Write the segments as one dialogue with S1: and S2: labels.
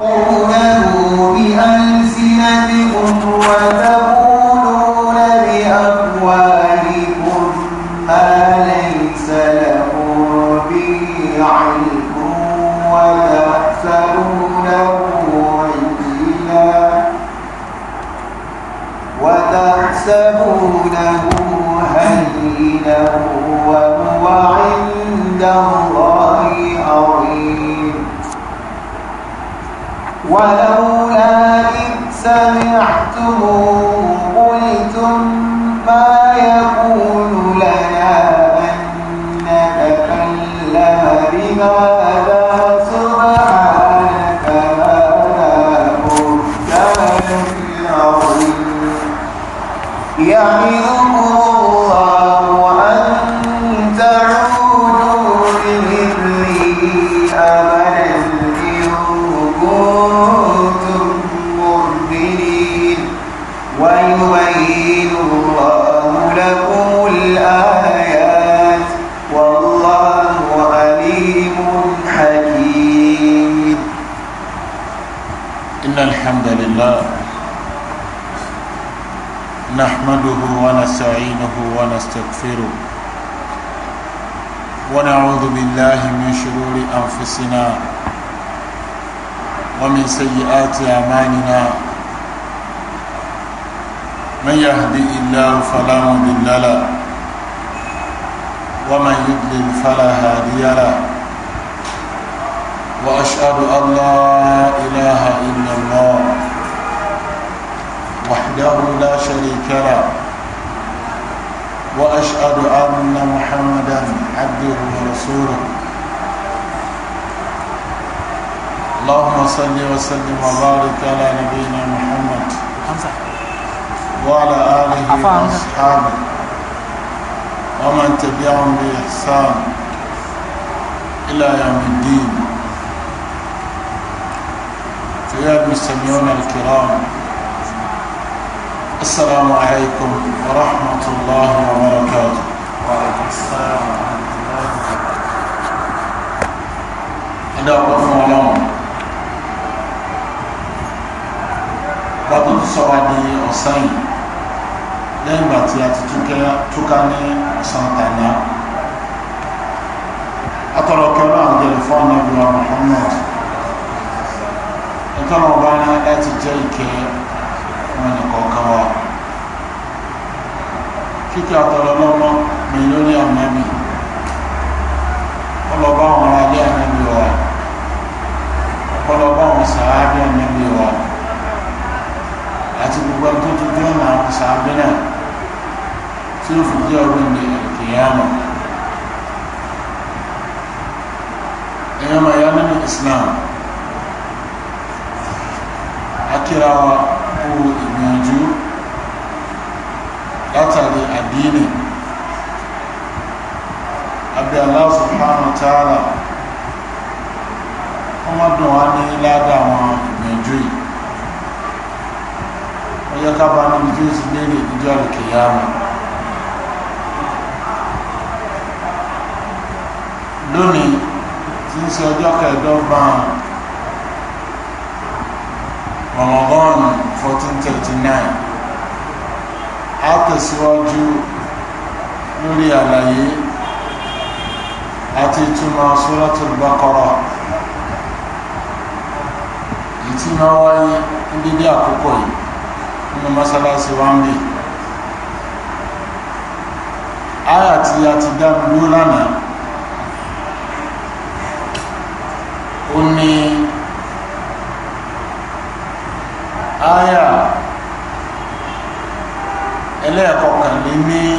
S1: 哦。
S2: نحمده ونستعينه ونستغفره ونعوذ بالله من شرور أنفسنا ومن سيئات أعمالنا من يهدي الله فلا مضل له ومن يضلل فلا هادي له وأشهد أن لا إله إلا الله وحده لا شريك له وأشهد أن محمدا عبده ورسوله اللهم صل وسلم وبارك على نبينا محمد وعلى آله وأصحابه ومن تبعهم بإحسان إلى يوم الدين فيا المستمعون الكرام السلام عليكم ورحمة الله وبركاته وعليكم السلام ورحمة الله وبركاته إذا أقفوا لهم gbàtúntù sọ̀rọ̀ di ọ̀sán yìí lẹ́yìn ìgbà tí a ti túká ní ọ̀sán tàná atọ̀rọ̀ kẹrọ àwọn tẹlifóònù ẹ̀bùrọ̀ Muhammad ẹ̀tọ́nà ọba ní láti jẹ́ ìkẹ́ kíkẹ́ àtọ̀rọ̀ lọ́mọ mi lórí ànábì ọlọ́ba àwọn alẹ́ ànábì wa ọlọ́ba àwọn sàábì ànábì wa àti gbogbo ẹni tó ti dé ọ̀nà àwọn sàábì náà tí ó fi jẹ́ ọdún ní ìkìyàmọ̀ ẹ̀yọ́ máa nínú Islam akíra wa kú ìgbìyànjú dini abẹ́ Allah subhanahu wa ta'ala ọmọ dùn wá ní ládàá àwọn ìgbìyànjú yìí ó yẹ ká bá níbi tí ó ti léèrè níjọ́ àlùkìyàmù lónìí tí ń ṣe ọjọ́ kẹẹ̀ẹ́dọ́gbọ̀n Ramadan 1439 a tẹ̀síwájú lórí àlàyé àti ìtumọ̀ suratul Baqara ìtí máa wáyé ní dédé àkókò yìí nínú mọ́sálásí wa ń bì áyà tí a ti dá dúró lánàá ó ní ní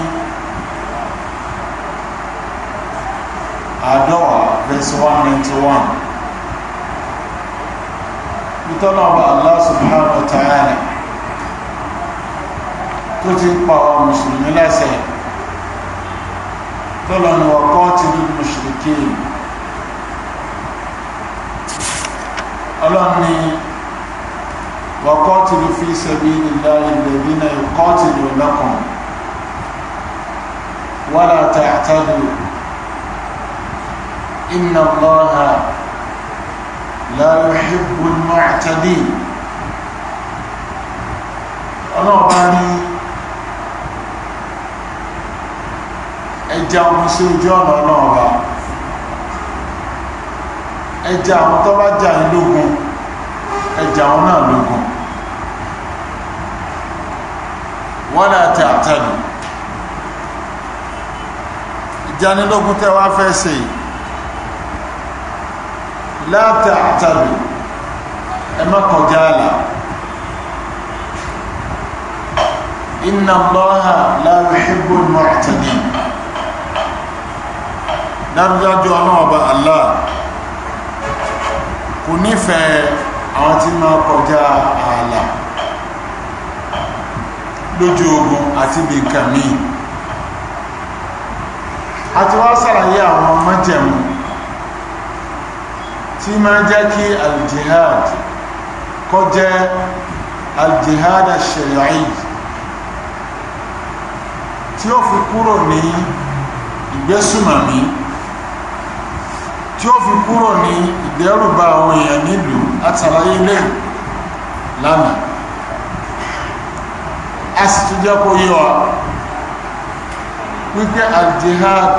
S2: adore verse one ninety one nítorí ọba Allah subhanahu wa ta'ala tó ti ń pa ọ mùsùlùmí lẹ́sẹ̀ tó lọ ní ọkọ ti ní mùsùlùmí ọlọ́ni wọ́kọ́ ti ní fi sabilillahi alladhina yuqatilunakum. ولا تعتدوا إن الله لا يحب المعتدين ọlọ́ọ̀bá ní ẹja ọmọ sí ojú ọ̀nà ọlọ́ọ̀bá ẹja àwọn tó bá jà yín lógun ẹja àwọn náà lógun wọ́n láti àtẹ́lù ìjanilógún tẹ́ wá fẹ́ ṣe láti àtàrí ẹ má kọjá àlà inna Allaha la yuhibbul mu'tadin dájúdájú ọlọ́ọ̀bá Allah kò nífẹ̀ẹ́ àwọn tí máa kọjá ààlà lójú ogun àti bí míì a ti wá sàlàyé àwọn májẹ̀mú tí máa jẹ́ kí aljihad kó jẹ́ aljihad ash-shar'i tí ó fi kúrò ní ìgbésùmọ̀mí tí ó fi kúrò ní ìdẹ́rùbà àwọn èèyàn nílùú àtàlàyé ilé lánàá a sì tún jẹ́ kó yé wa wípé aljihad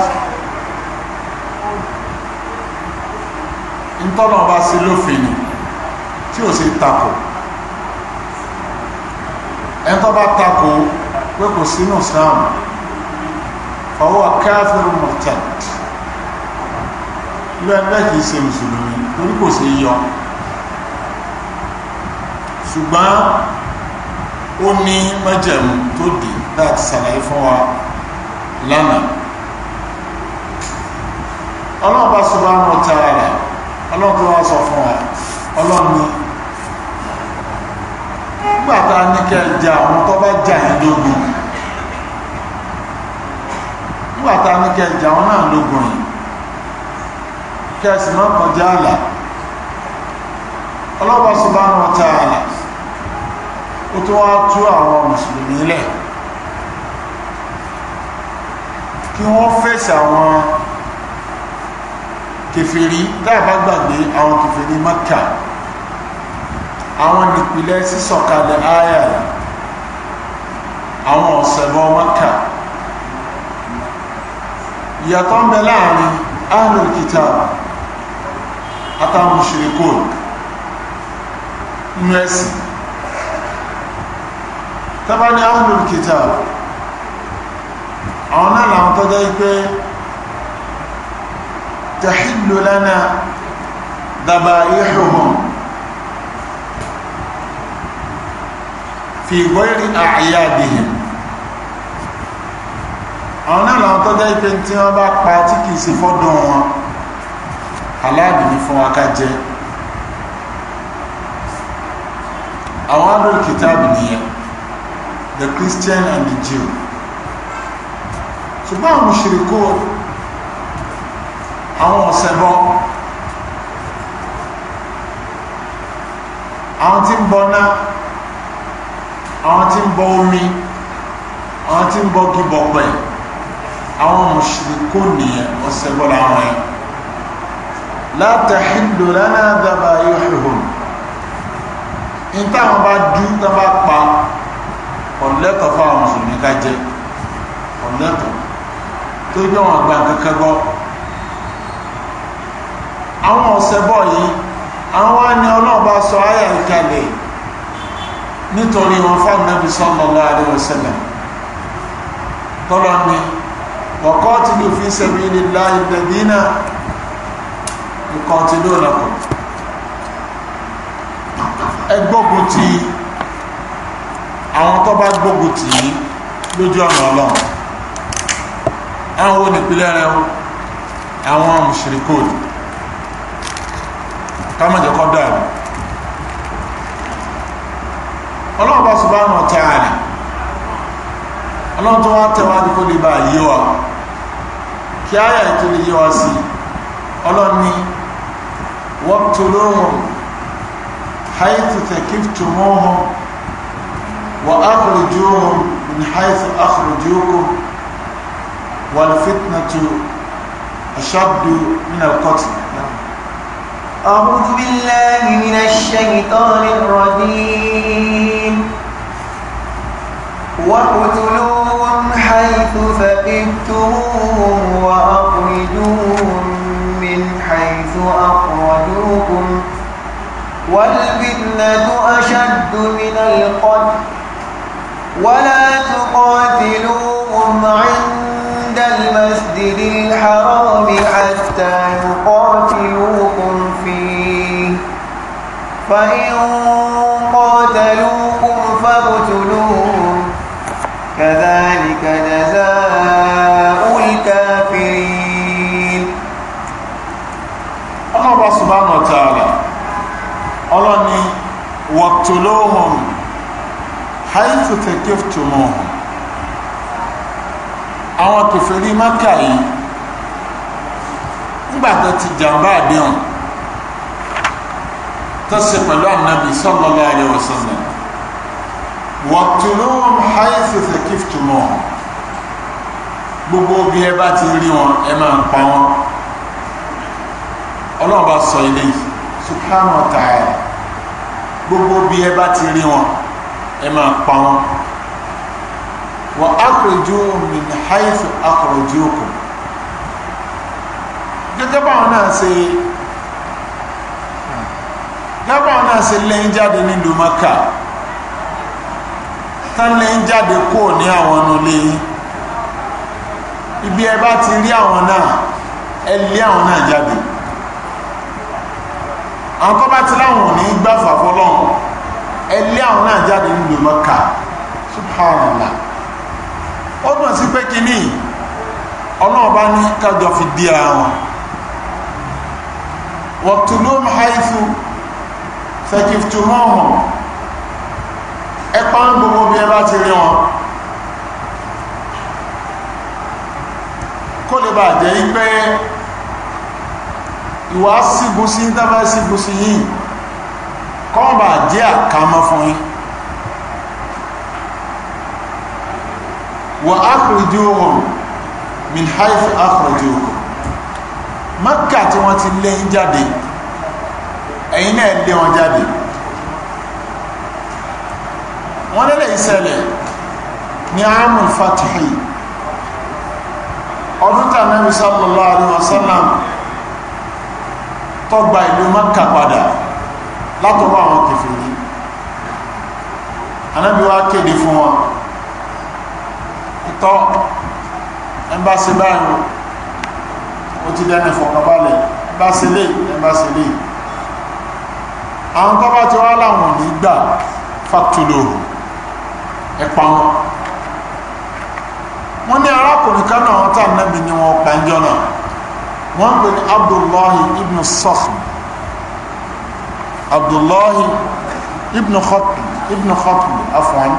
S2: ntọ́nà bá sí lófin ni tí ò sí takò ẹni tó bá takò pé kò sínú Islam fọwọ́ káfíìrì mọ̀tẹ́t lẹ́gbẹ́ kìí ṣe mùsùlùmí torí kò sí yọ ṣùgbọ́n ó ní májẹ̀mú tó dì láti ṣàlàyé fún wa lánàá ọlọ́run bá sọ bá wọn tara ọlọ́run tó wá sọ fún wa ọlọ́run nígbà tá a ní kẹ́ ẹ jà àwọn tó bá jà yín lógun nígbà tá a ní kẹ́ ẹ àwọn náà lógun yìí kẹ́ ẹ sì kí wọ́n fèsì àwọn kèfèrí dáàbá gbàgbé àwọn kèfèrí Mẹ́kà àwọn nípìnlẹ̀ sísọ̀kalẹ̀ àyà àwọn ọ̀sẹ̀bọ Mẹ́kà ìyàtọ̀ ń bẹ láàrin ahlul kitab àtàwọn mushrikun nínú ẹ̀sìn tábà ní ahlul kitab àwọn náà làwọn tó jẹ́ pé tahillu lana dhabaihum fi ghairi a'yadihim àwọn náà làwọn tó jẹ́ pé tí wọ́n wọn aláàbì ní fún wa ká jẹ àwọn adúlù kìtàbù nìyẹn the Christian and the Jew ṣùgbọ́n àwọn mùṣìríkò àwọn ọ̀sẹ̀bọ àwọn tí ń bọ náà àwọn tí ń bọ omi àwọn tí ń bọ gíbọ̀pẹ̀ àwọn mùṣìríkò nìyẹn ọ̀sẹ̀bọ làwọn yẹn la tahillu lana dhabaihum ntáwọn bá dú táwọn bá pa ọ̀lẹ́tọ̀ fáwọn mùsùlùmí ká jẹ ọ̀lẹ́tọ̀ tó gbé wọn gbà kankan gbọ́ àwọn ọ̀sẹ̀ bọ̀ yìí àwọn ni ọlọ́run bá sọ ayà ìkàlẹ̀ nítorí wọn fún anabi sallallahu alaihi wasallam tọ́lọ́ ni wa qatilu fi sabilillahi alladhina yuqatilunakum ẹ gbógun ti àwọn tó bá gbógun tì í lójú ọ̀nà ọlọ́run àwọn wo nípìnlẹ̀ rẹ o àwọn mùsùlùkòlù kámẹ́jọ kọ́ dàrú ọlọ́run bá subhanahu wa ta'ala ọlọ́run tó wá tẹ̀wájú kó lè bá yé wa kí áyà ètò lè wa sí ọlọ́run ní wabtuluhum haythu thaqiftumuhum wa akhrijuhum min haythu akhrijukum. والفتنة أشد من القتل نعم.
S1: أعوذ بالله من الشيطان الرجيم واقتلوهم حيث فقدتموهم وأخرجوهم من حيث أخرجوكم والفتنة أشد من القتل ولا تقاتلوهم عند المسجد الحرام حتى يقاتلوكم فيه فإن قاتلوكم فاقتلوهم كذلك جزاء الكافرين الله سبحانه وتعالى الله
S2: واقتلوهم حيث تكفتموهم àwọn kèfèrí Mákà yìí nígbà tó ti jàmbá àdéhùn tó ṣe pẹ̀lú ànábì sallallahu alaihi wasallam waqtuluhum haythu thaqiftumuhum gbogbo bí ẹ bá ti rí wọn ẹ máa pa wọn ọlọ́run sọ ilé yìí subhanahu wa gbogbo bí ẹ bá ti rí wọn ẹ máa pa wọn wa akhrijuhum min haythu akhrajukum gẹ́gẹ́ báwọn náà ṣe gẹ́gẹ́ báwọn náà ṣe lẹ́yìn jáde nílùú Mẹ́kà tán lẹ́yìn jáde kò ní àwọn ọ̀nà lẹ́yìn ibi ẹ bá ti rí àwọn náà ẹ lé àwọn náà jáde àwọn tó bá ti láwọn ò ní gbàfà fọlọ́run ẹ lé àwọn náà jáde nílùú Mẹ́kà subhanallah ó dùn sí pé kínní ọlọ́run bá ní kájọ fi di ara wọn waqtuluhum haythu thaqaftumuhum ẹ pa ń gbogbo bí ẹ bá ti rí wọn kó lè bàa jẹ́ pé ìwà sígun sí ń dábàá sígun sí yìí kọ́ bàa jẹ́ àkàmọ́ fún yín. wa akhrijuhum min haythu akhrijukum Mákà tí wọ́n ti lé ń jáde ẹ̀yin náà lé wọn jáde wọ́n lélẹ̀ ìṣẹ̀lẹ̀ ní amul fatihi ọdún tí Ànábì sallallahu alaihi wasallam tó gba ìlú Mákà padà látọwọ́ àwọn kèfèrí Ànábì wá kéde fún wọn tọ́ ẹmbáṣe báyìí ó ti dẹ́nu ìfọ̀kànbalẹ̀ ẹmbáṣe lè ẹmbáṣe lè àwọn tó bá ti wá láwọn ní gbà fàtúlò ẹ̀pà wọn wọ́n ní arákùnrin kan náà wọ́n tà nẹ́bi ni wọ́n pa náà wọ́n pè ní abdullahi ibn sakhm abdullahi ibn khatib ibn khatib afwan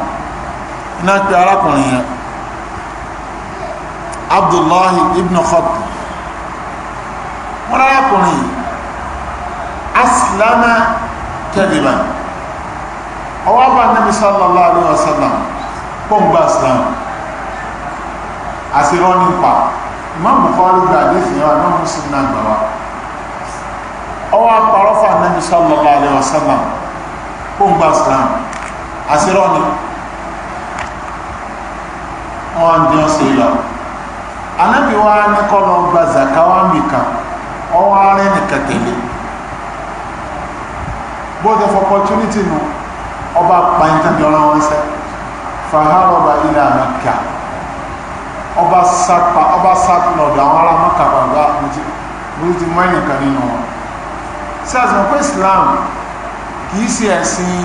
S2: náà pe arákùnrin yẹn abdullahi ibn khot wọn arákùnrin asilama kẹdìbà ọwọ́ bá nabi sallallahu alayhi wa sallam pọ́ǹgbà islam àṣírọ́ nípa imam bukhari gba àdéhùn yẹn wa imam muslim náà gbà wá ọwọ́ apàrọ̀ fún anabi sallallahu alayhi wa sallam pọ́ǹgbà islam àṣírọ́ ni wọ́n á ń dín ọ́ sí lọ anabi wa ni kọlọ gba zakawa mi kan ọwọ ara ẹni kẹtẹlẹ both of opportunity nu ọba pàǹtàbí ọlọ́wọ́n sẹ faharọba ilẹ̀ amẹ́kà ọba sapa ọba sapilọ̀dọ̀ àwọn ará mọ́kà bàbá àmúti ló ti mọ́ ẹnìkan nínú wọn sẹ́sìn pé Islam kì í ṣe ẹ̀sìn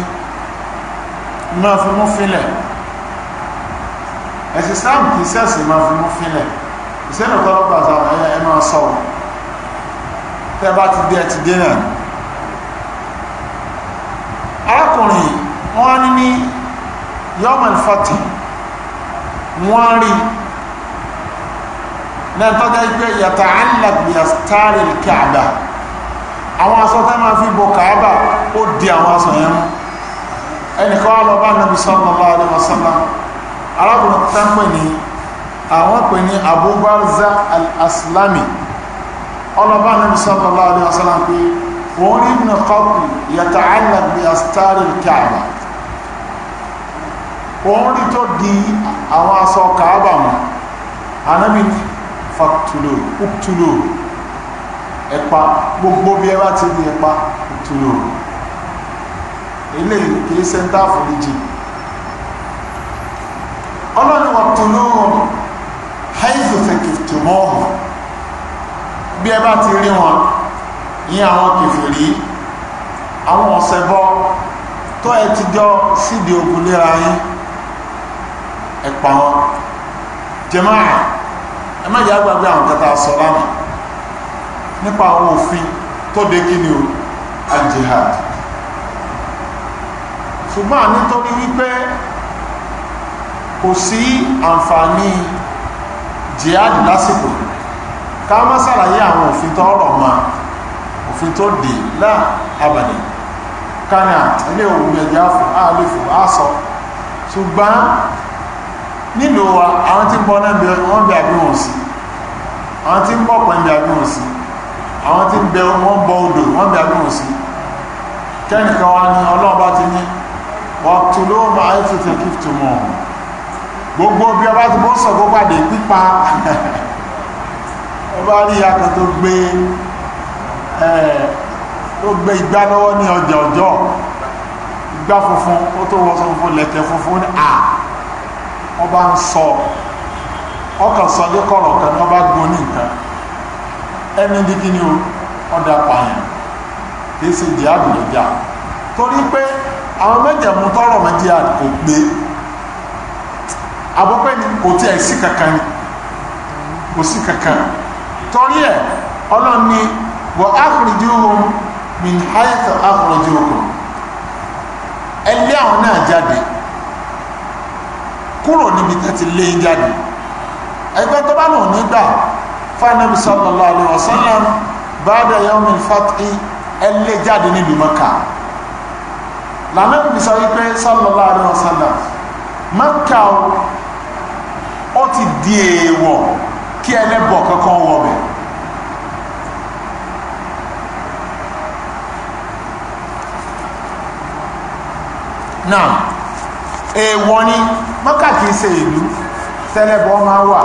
S2: máa fi mú fílẹ̀ ẹ̀sìn Islam kì í ṣẹ̀sìn máa fi mú fílẹ̀ ìsẹ́nà tọ́lọ́pàá sáwọn ẹ̀yẹ ẹ máa sọ̀rọ̀ tẹ́ bá ti dé ẹ ti dé náà arákùnrin wọ́n ní ní yọ́mọ̀lì fọ́tì wọ́n rí lẹ́tọ́jà ìpé yàtà alàgbé àstárì kààbà àwọn aṣọ tẹ́ máa fi bọ kààbà ó di àwọn aṣọ yẹn ẹnìkan wà lọ bá nàbì sallallahu alaihi wasallam arákùnrin tẹ́ ń pè ní àwọn pè ní Abu Barza al-Aslami ọlọ́bá Ànábì sallallahu alaihi wasallam pé wọ́n rí ibn Qatl yata'allaq bi astar al-Ka'ba wọ́n rí tó di àwọn aṣọ Ka'ba mọ́ Ànábì fàtúlò òtúlò ẹ̀pa gbogbo bí ẹ ti di ẹ̀pa òtúlò eléyìí kìí sẹ́ńtà àforíjì ọlọ́ni wàtúlò ọ̀nà haifu fekiftumọ́ọ̀mù bí ẹ bá ti rí wọn ní àwọn kèfèrí àwọn ọ̀sẹ̀bọ tó ẹ ti jọ sídìí ogun léra yín ẹ pa wọn jẹmáà ẹ má yà gbàgbé àwọn kẹta sọ lánàá nípa àwọn òfin tó de kí ni o al ṣùgbọ́n nítorí wípé kò sí àǹfààní jihad lásìkò ká má sàlàyé àwọn òfin tó ọ̀rọ̀ ma òfin tó dè láà abàdì kánà ilé òun ẹja fò áàlè fò áàsọ ṣùgbọ́n nílò wa àwọn tí ń bọ́ náà wọ́n bẹ àbí wọn sí àwọn tí ń bọ̀ pẹ̀ ń bẹ àbí wọn sí àwọn tí ń bẹ wọ́n bọ odò wọ́n bẹ àbí wọn sí kẹ́nìkan wa ni ọlọ́ọ̀bá ti ní wọ́n tó ló máa ń tètè kí tó mọ̀ ọ́n gbogbo bí ọba tó bọ́ sọ̀kọ́ pàdé pípa ọba rí akọ tó gbé tó gbé igbá lọ́wọ́ ní ọjà ọjọ́ igbá funfun ó tó wọ́n funfun lẹ̀kẹ̀ funfun ní à ọba ń sọ ọkàn sọ dé kọ̀rọ̀ kan ní ọba gbó ní nǹkan ẹni dídí ni ọ̀dà pààyàn kì í ṣe jihad lọ́jà torí pé àwọn mẹ́jẹ̀mú tọrọ mẹ́jẹ̀ kò abọ́pẹ́ ni kò tí ẹ̀ sí kankan ni kò sí kankan torí ẹ̀ ọlọ́run ni wọ́n áfìrìjú ohun min haitha áfìrìjú ohun ẹlẹ́ àwọn náà jáde kúrò níbi tó ti lé jáde ẹgbẹ́ tó bá lòun nígbà fanabi sallallahu alaihi wasallam bada yawmin fathi ẹlẹ́ jáde níbi mọ́ka lànà bí sọ wípé sallallahu o ó ti di èèwọ̀ kí ẹlẹ́bọ kankan wọ bẹ̀. náà èèwọ̀ ni mọ́kà ìlú tẹ́lẹ̀bọ máa wà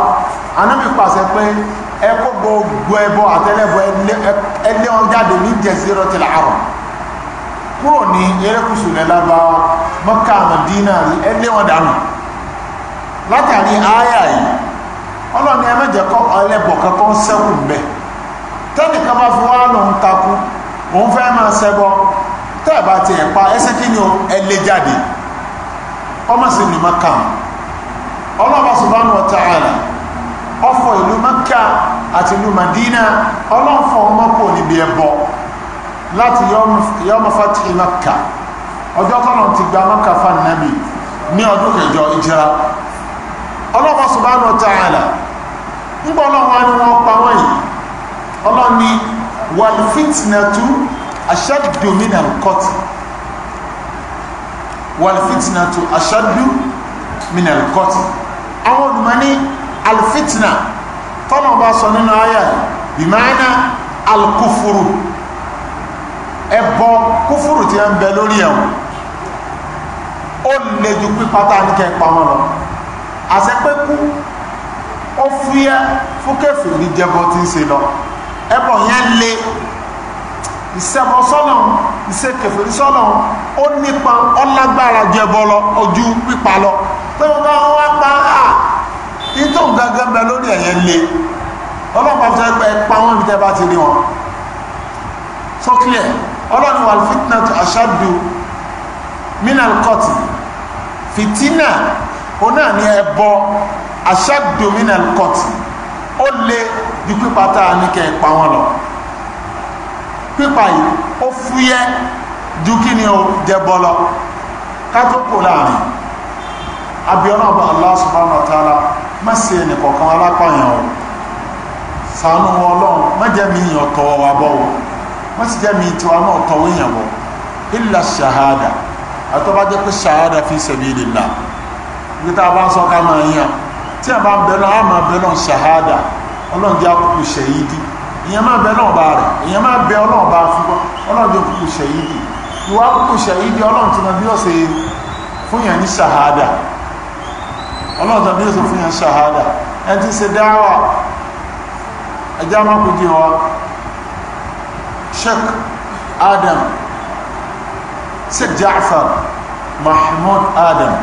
S2: anábì pàṣẹ pé ẹ kó gbogbo ẹbọ àtẹlẹbọ ẹlẹ́ wọn jáde ní jẹ̀sírọ̀ tìlà àrùn kúrò ní erékùsù lẹ́lábàá mọ́kà àmàdínà wọn dànù. látàrí àáyà yìí ọlọ́ni ẹmẹ́jẹ̀kọ́ na kankan sẹ́kù mbẹ́ tẹ́nìkan bá fi wá lòun takú òun fẹ́ máa sẹ́bọ tẹ́ẹ̀bá ti ẹ̀ pa ẹsẹ́ kí ni ẹlẹ́ jáde ọmọsí ni maka ọlọ́ba subhanahu wa ta'ala ọfọ ìlú maka àti ìlú madina ọlọ́fọ ọmọkò níbi ẹbọ láti yọmọ fatih maka ọjọ́ tọ́nà ti gba maka fa nàbì ní ọdún kẹjọ ọlọ́wọ́ subhanahu wa ta'ala nígbà ọlọ́wọ́ ni wọ́n pa wọ́n yìí ọlọ́ni wal fitnatu ashaddu minal qatl wal fitnatu ashaddu minal qatl àwọn olùmọ̀ ní al fitna tọ́nà bá sọ nínú ayà bí máa al kufuru ẹbọ kúfùrù tí ń bẹ lórí ẹ̀wọ̀n ó lè ju pípa ní kẹ́ pa wọn lọ àṣepẹ́kú ó fúyẹ́ fún kèfèrí jẹbọ tí ń ṣe lọ ẹbọ yẹn le ìṣẹbọ sọ́nà ìṣe kèfèrí sọ́nà ó nípa ọlágbára jẹbọ lọ ojú pípa lọ pé wọ́n bá wá pa á ìtò gẹ́gẹ́ bẹ lórí ẹ̀yẹ le ọlọ́pàá fi ẹgbẹ́ pa wọ́n fi tẹ́ bá ti rí wọn sókè ọlọ́run wà fitna ashaddu minal qatl fitina òun náà ni ẹbọ aṣáàdùmínà kọtì ó lé ju pípa tá a ní kẹ pa wọn lọ pípa yìí ó fúyẹ́ ju kí ni ó jẹbọ lọ kátópò láàrin abiola ọba Allah subhanahu wa ta'ala má ṣe ẹnìkọ̀ọ̀kan alápàyàn o ṣàánú wọn ọlọ́run má jẹ́ mi yàn tọwọ́ wa bọ́ o má sì jẹ́ mi tiwa náà tọwọ́ yàn bọ́ illa ṣahada àtọ́bá jẹ́ pé ṣahada fi sabilillah ibi tá a bá ń sọ ká máa yàn tí a bá ń bẹ náà a máa bẹ náà ṣàhádà ọlọ́run jẹ́ akókò ṣẹ̀yídì ìyẹn máa bẹ náà bá rẹ̀ ìyẹn máa bẹ ọlọ́run bá fún ọlọ́run jẹ́ akókò ṣẹ̀yídì ìwà akókò ṣẹ̀yídì ọlọ́run ti mọ bí ọ̀sẹ̀ fún yàn ní ṣàhádà ọlọ́run tó bí ọ̀sẹ̀ fún yàn ṣàhádà ẹ ti ṣe dáwà ẹjá máa kú jẹ́ wa Sheikh Adam Sheikh Jaafar Mahmoud Adam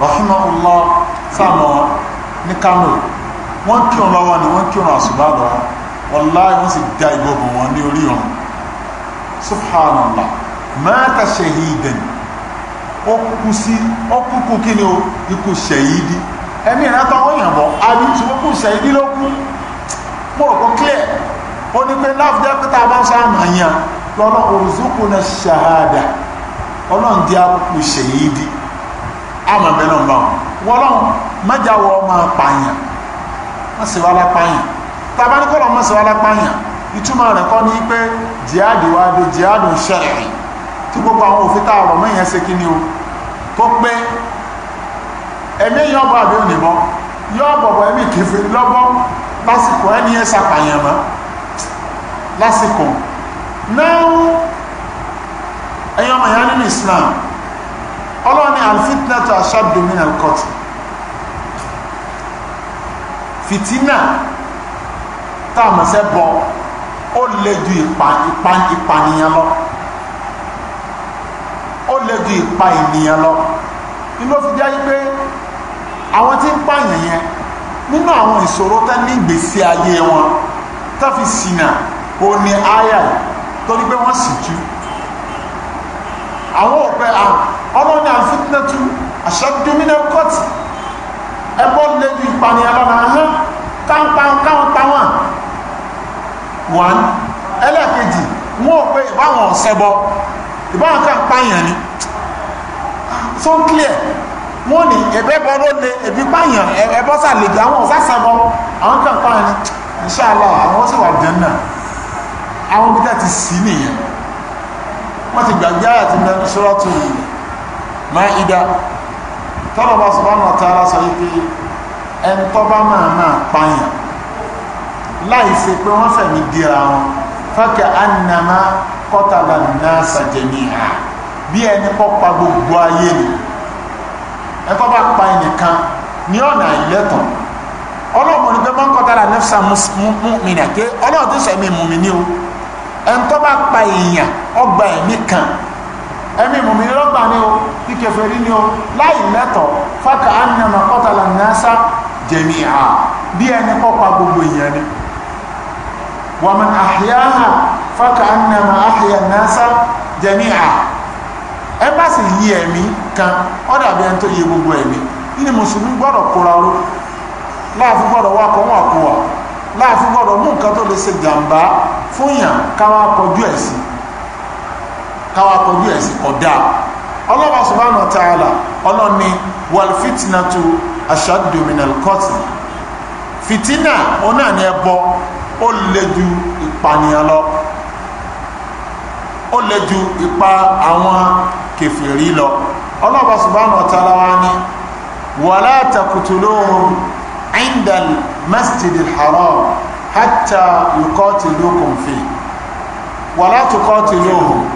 S2: rahimahullah الله ní نكمل wọ́n kírun lọ́wọ́ ni wọ́n kírun الله lọ́wọ́ wàláì wọ́n sì da ìgbọ̀gbọ̀n wọn ní orí ọ̀run subhanallah mata shahidan ó يكو شهيدي ó kúkú kí ni ó ikú ṣẹ̀yídí ẹ̀mí ìrántọ́ ó yìnbọn àbí ṣùgbọ́n kú ṣẹ̀yídí ló kú mo rò kó clear ó ní pé láfíjẹ́ pé tá a bá lọ́nà òrùzúkú na ṣahada ọlọ́run di akúkú ṣẹ̀yídí àmọ́ mẹ́nu bá wọn wọ́lọ́n májáwọ́ máa pààyàn wọ́n sì wá lápáyàn tabanikọ́lọ́ wọ́n sì wá lápáyàn ìtumọ̀ rẹ̀ kọ́ ní pé jihad wa do jihad ń ṣẹ̀rẹ̀ tí gbogbo àwọn òfin tá a rọ̀ mẹ́yẹn ṣe kí ni o tó pé ẹ̀mí yọ̀bọ̀ àbí ònìbọ̀ yọ̀bọ̀ bọ̀ ẹ̀mí kìfẹ́ lọ́bọ̀ lásìkò ẹni ẹ̀ ṣàpàyàn mọ́ lásìkò náà ẹ̀yọ́mọ̀ yẹn nínú Islam ọlọ́run ní alfitna tó aṣáàdùn ní alkọ́tù fìtínà táàmù sẹ́bọ̀ ó lè ju ìpànìyàn lọ ó lè ju ìpa ènìyàn lọ inú fi jẹ́ pé àwọn tí ń pààyàn yẹn nínú àwọn ìṣòro tẹ́ ní ìgbésí ayé wọn tó fi ṣìnà ó ní àyà torí pé wọ́n sì jù àwọn òpẹ́ àwọn ọlọ́run ní àfitnẹ́tù àṣẹ́dúmínà kọ́tì ẹbọ́ lẹ́jú ìpànìyàn lọ́nà ahọ́n káwọn táwọn wọn ẹlẹ́ẹ̀kejì wọn ò pé ìbáwọn ọ̀sẹ́bọ ìbáwọn kan pààyàn ni so clear wọn ní ẹ̀bẹ́bọ ló le ẹ̀bí pààyàn ẹ̀bọ́ sàlẹ̀gà àwọn ọ̀sásẹ́bọ àwọn kan pààyàn ni inshallah àwọn sì wà jẹ́nà àwọn bí tẹ́ ti sí nìyẹn wọ́n ti gbàgbé àyà ti mẹ́rin sọ́rọ́ tó yìí Maida tọ́lọ̀ bá subhanahu wa ta'ala sọ yí pé ẹni tọ́ bá máa máa pààyàn láì ṣe pé wọ́n fẹ̀mí dira wọn fákẹ́ annama qatala an-nasa jami'a bí ẹni kọ́ pa gbogbo ayé ni ẹni tọ́ bá pa ẹnìkan ní ọ̀nà àìlẹ́tọ̀ọ́ ọlọ́run ní pé man qatala nafsan mu'minatan pé ọlọ́run ti sọ ẹ̀mí mùmí ní o ẹni tọ́ ọgbà ẹ̀mí kan ẹ̀mí mùmìnì lọ́gbà ní o ní kèfèrí ní o láì lẹ́tọ̀ fákà ánìyàn kọ́tàlà nasa jẹ̀míà bí ẹni kọ́pa gbogbo èèyàn ni wà mí àhíyáhà fákà ánìyàn àhíyà nasa jẹ̀míà ẹ bá sì yí ẹ̀mí kan ó dàbí ẹni tó yí gbogbo ẹ̀mí nínú mùsùlùmí gbọ́dọ̀ kóra ró láàfin gbọ́dọ̀ wá kọ́ wọn àkówà láàfin gbọ́dọ̀ mú nǹkan tó lè ṣe jàǹbá fún yàn káwọn akọjú ẹ̀sìn káwa kọjú ẹ̀ sí kọ̀dá Allah subhanahu wa ta'ala ọlọ́ni wal fitnatu ashaddu minal qatl fìtínà ọ̀nà ni ẹbọ ó le ju ìpànìyàn lọ ó le ju ipa àwọn kèfèrí lọ Allah subhanahu wa ta'ala wa ni wala taqtuluhum inda al masjidil haram hatta yuqatilukum fi wala tuqatiluhum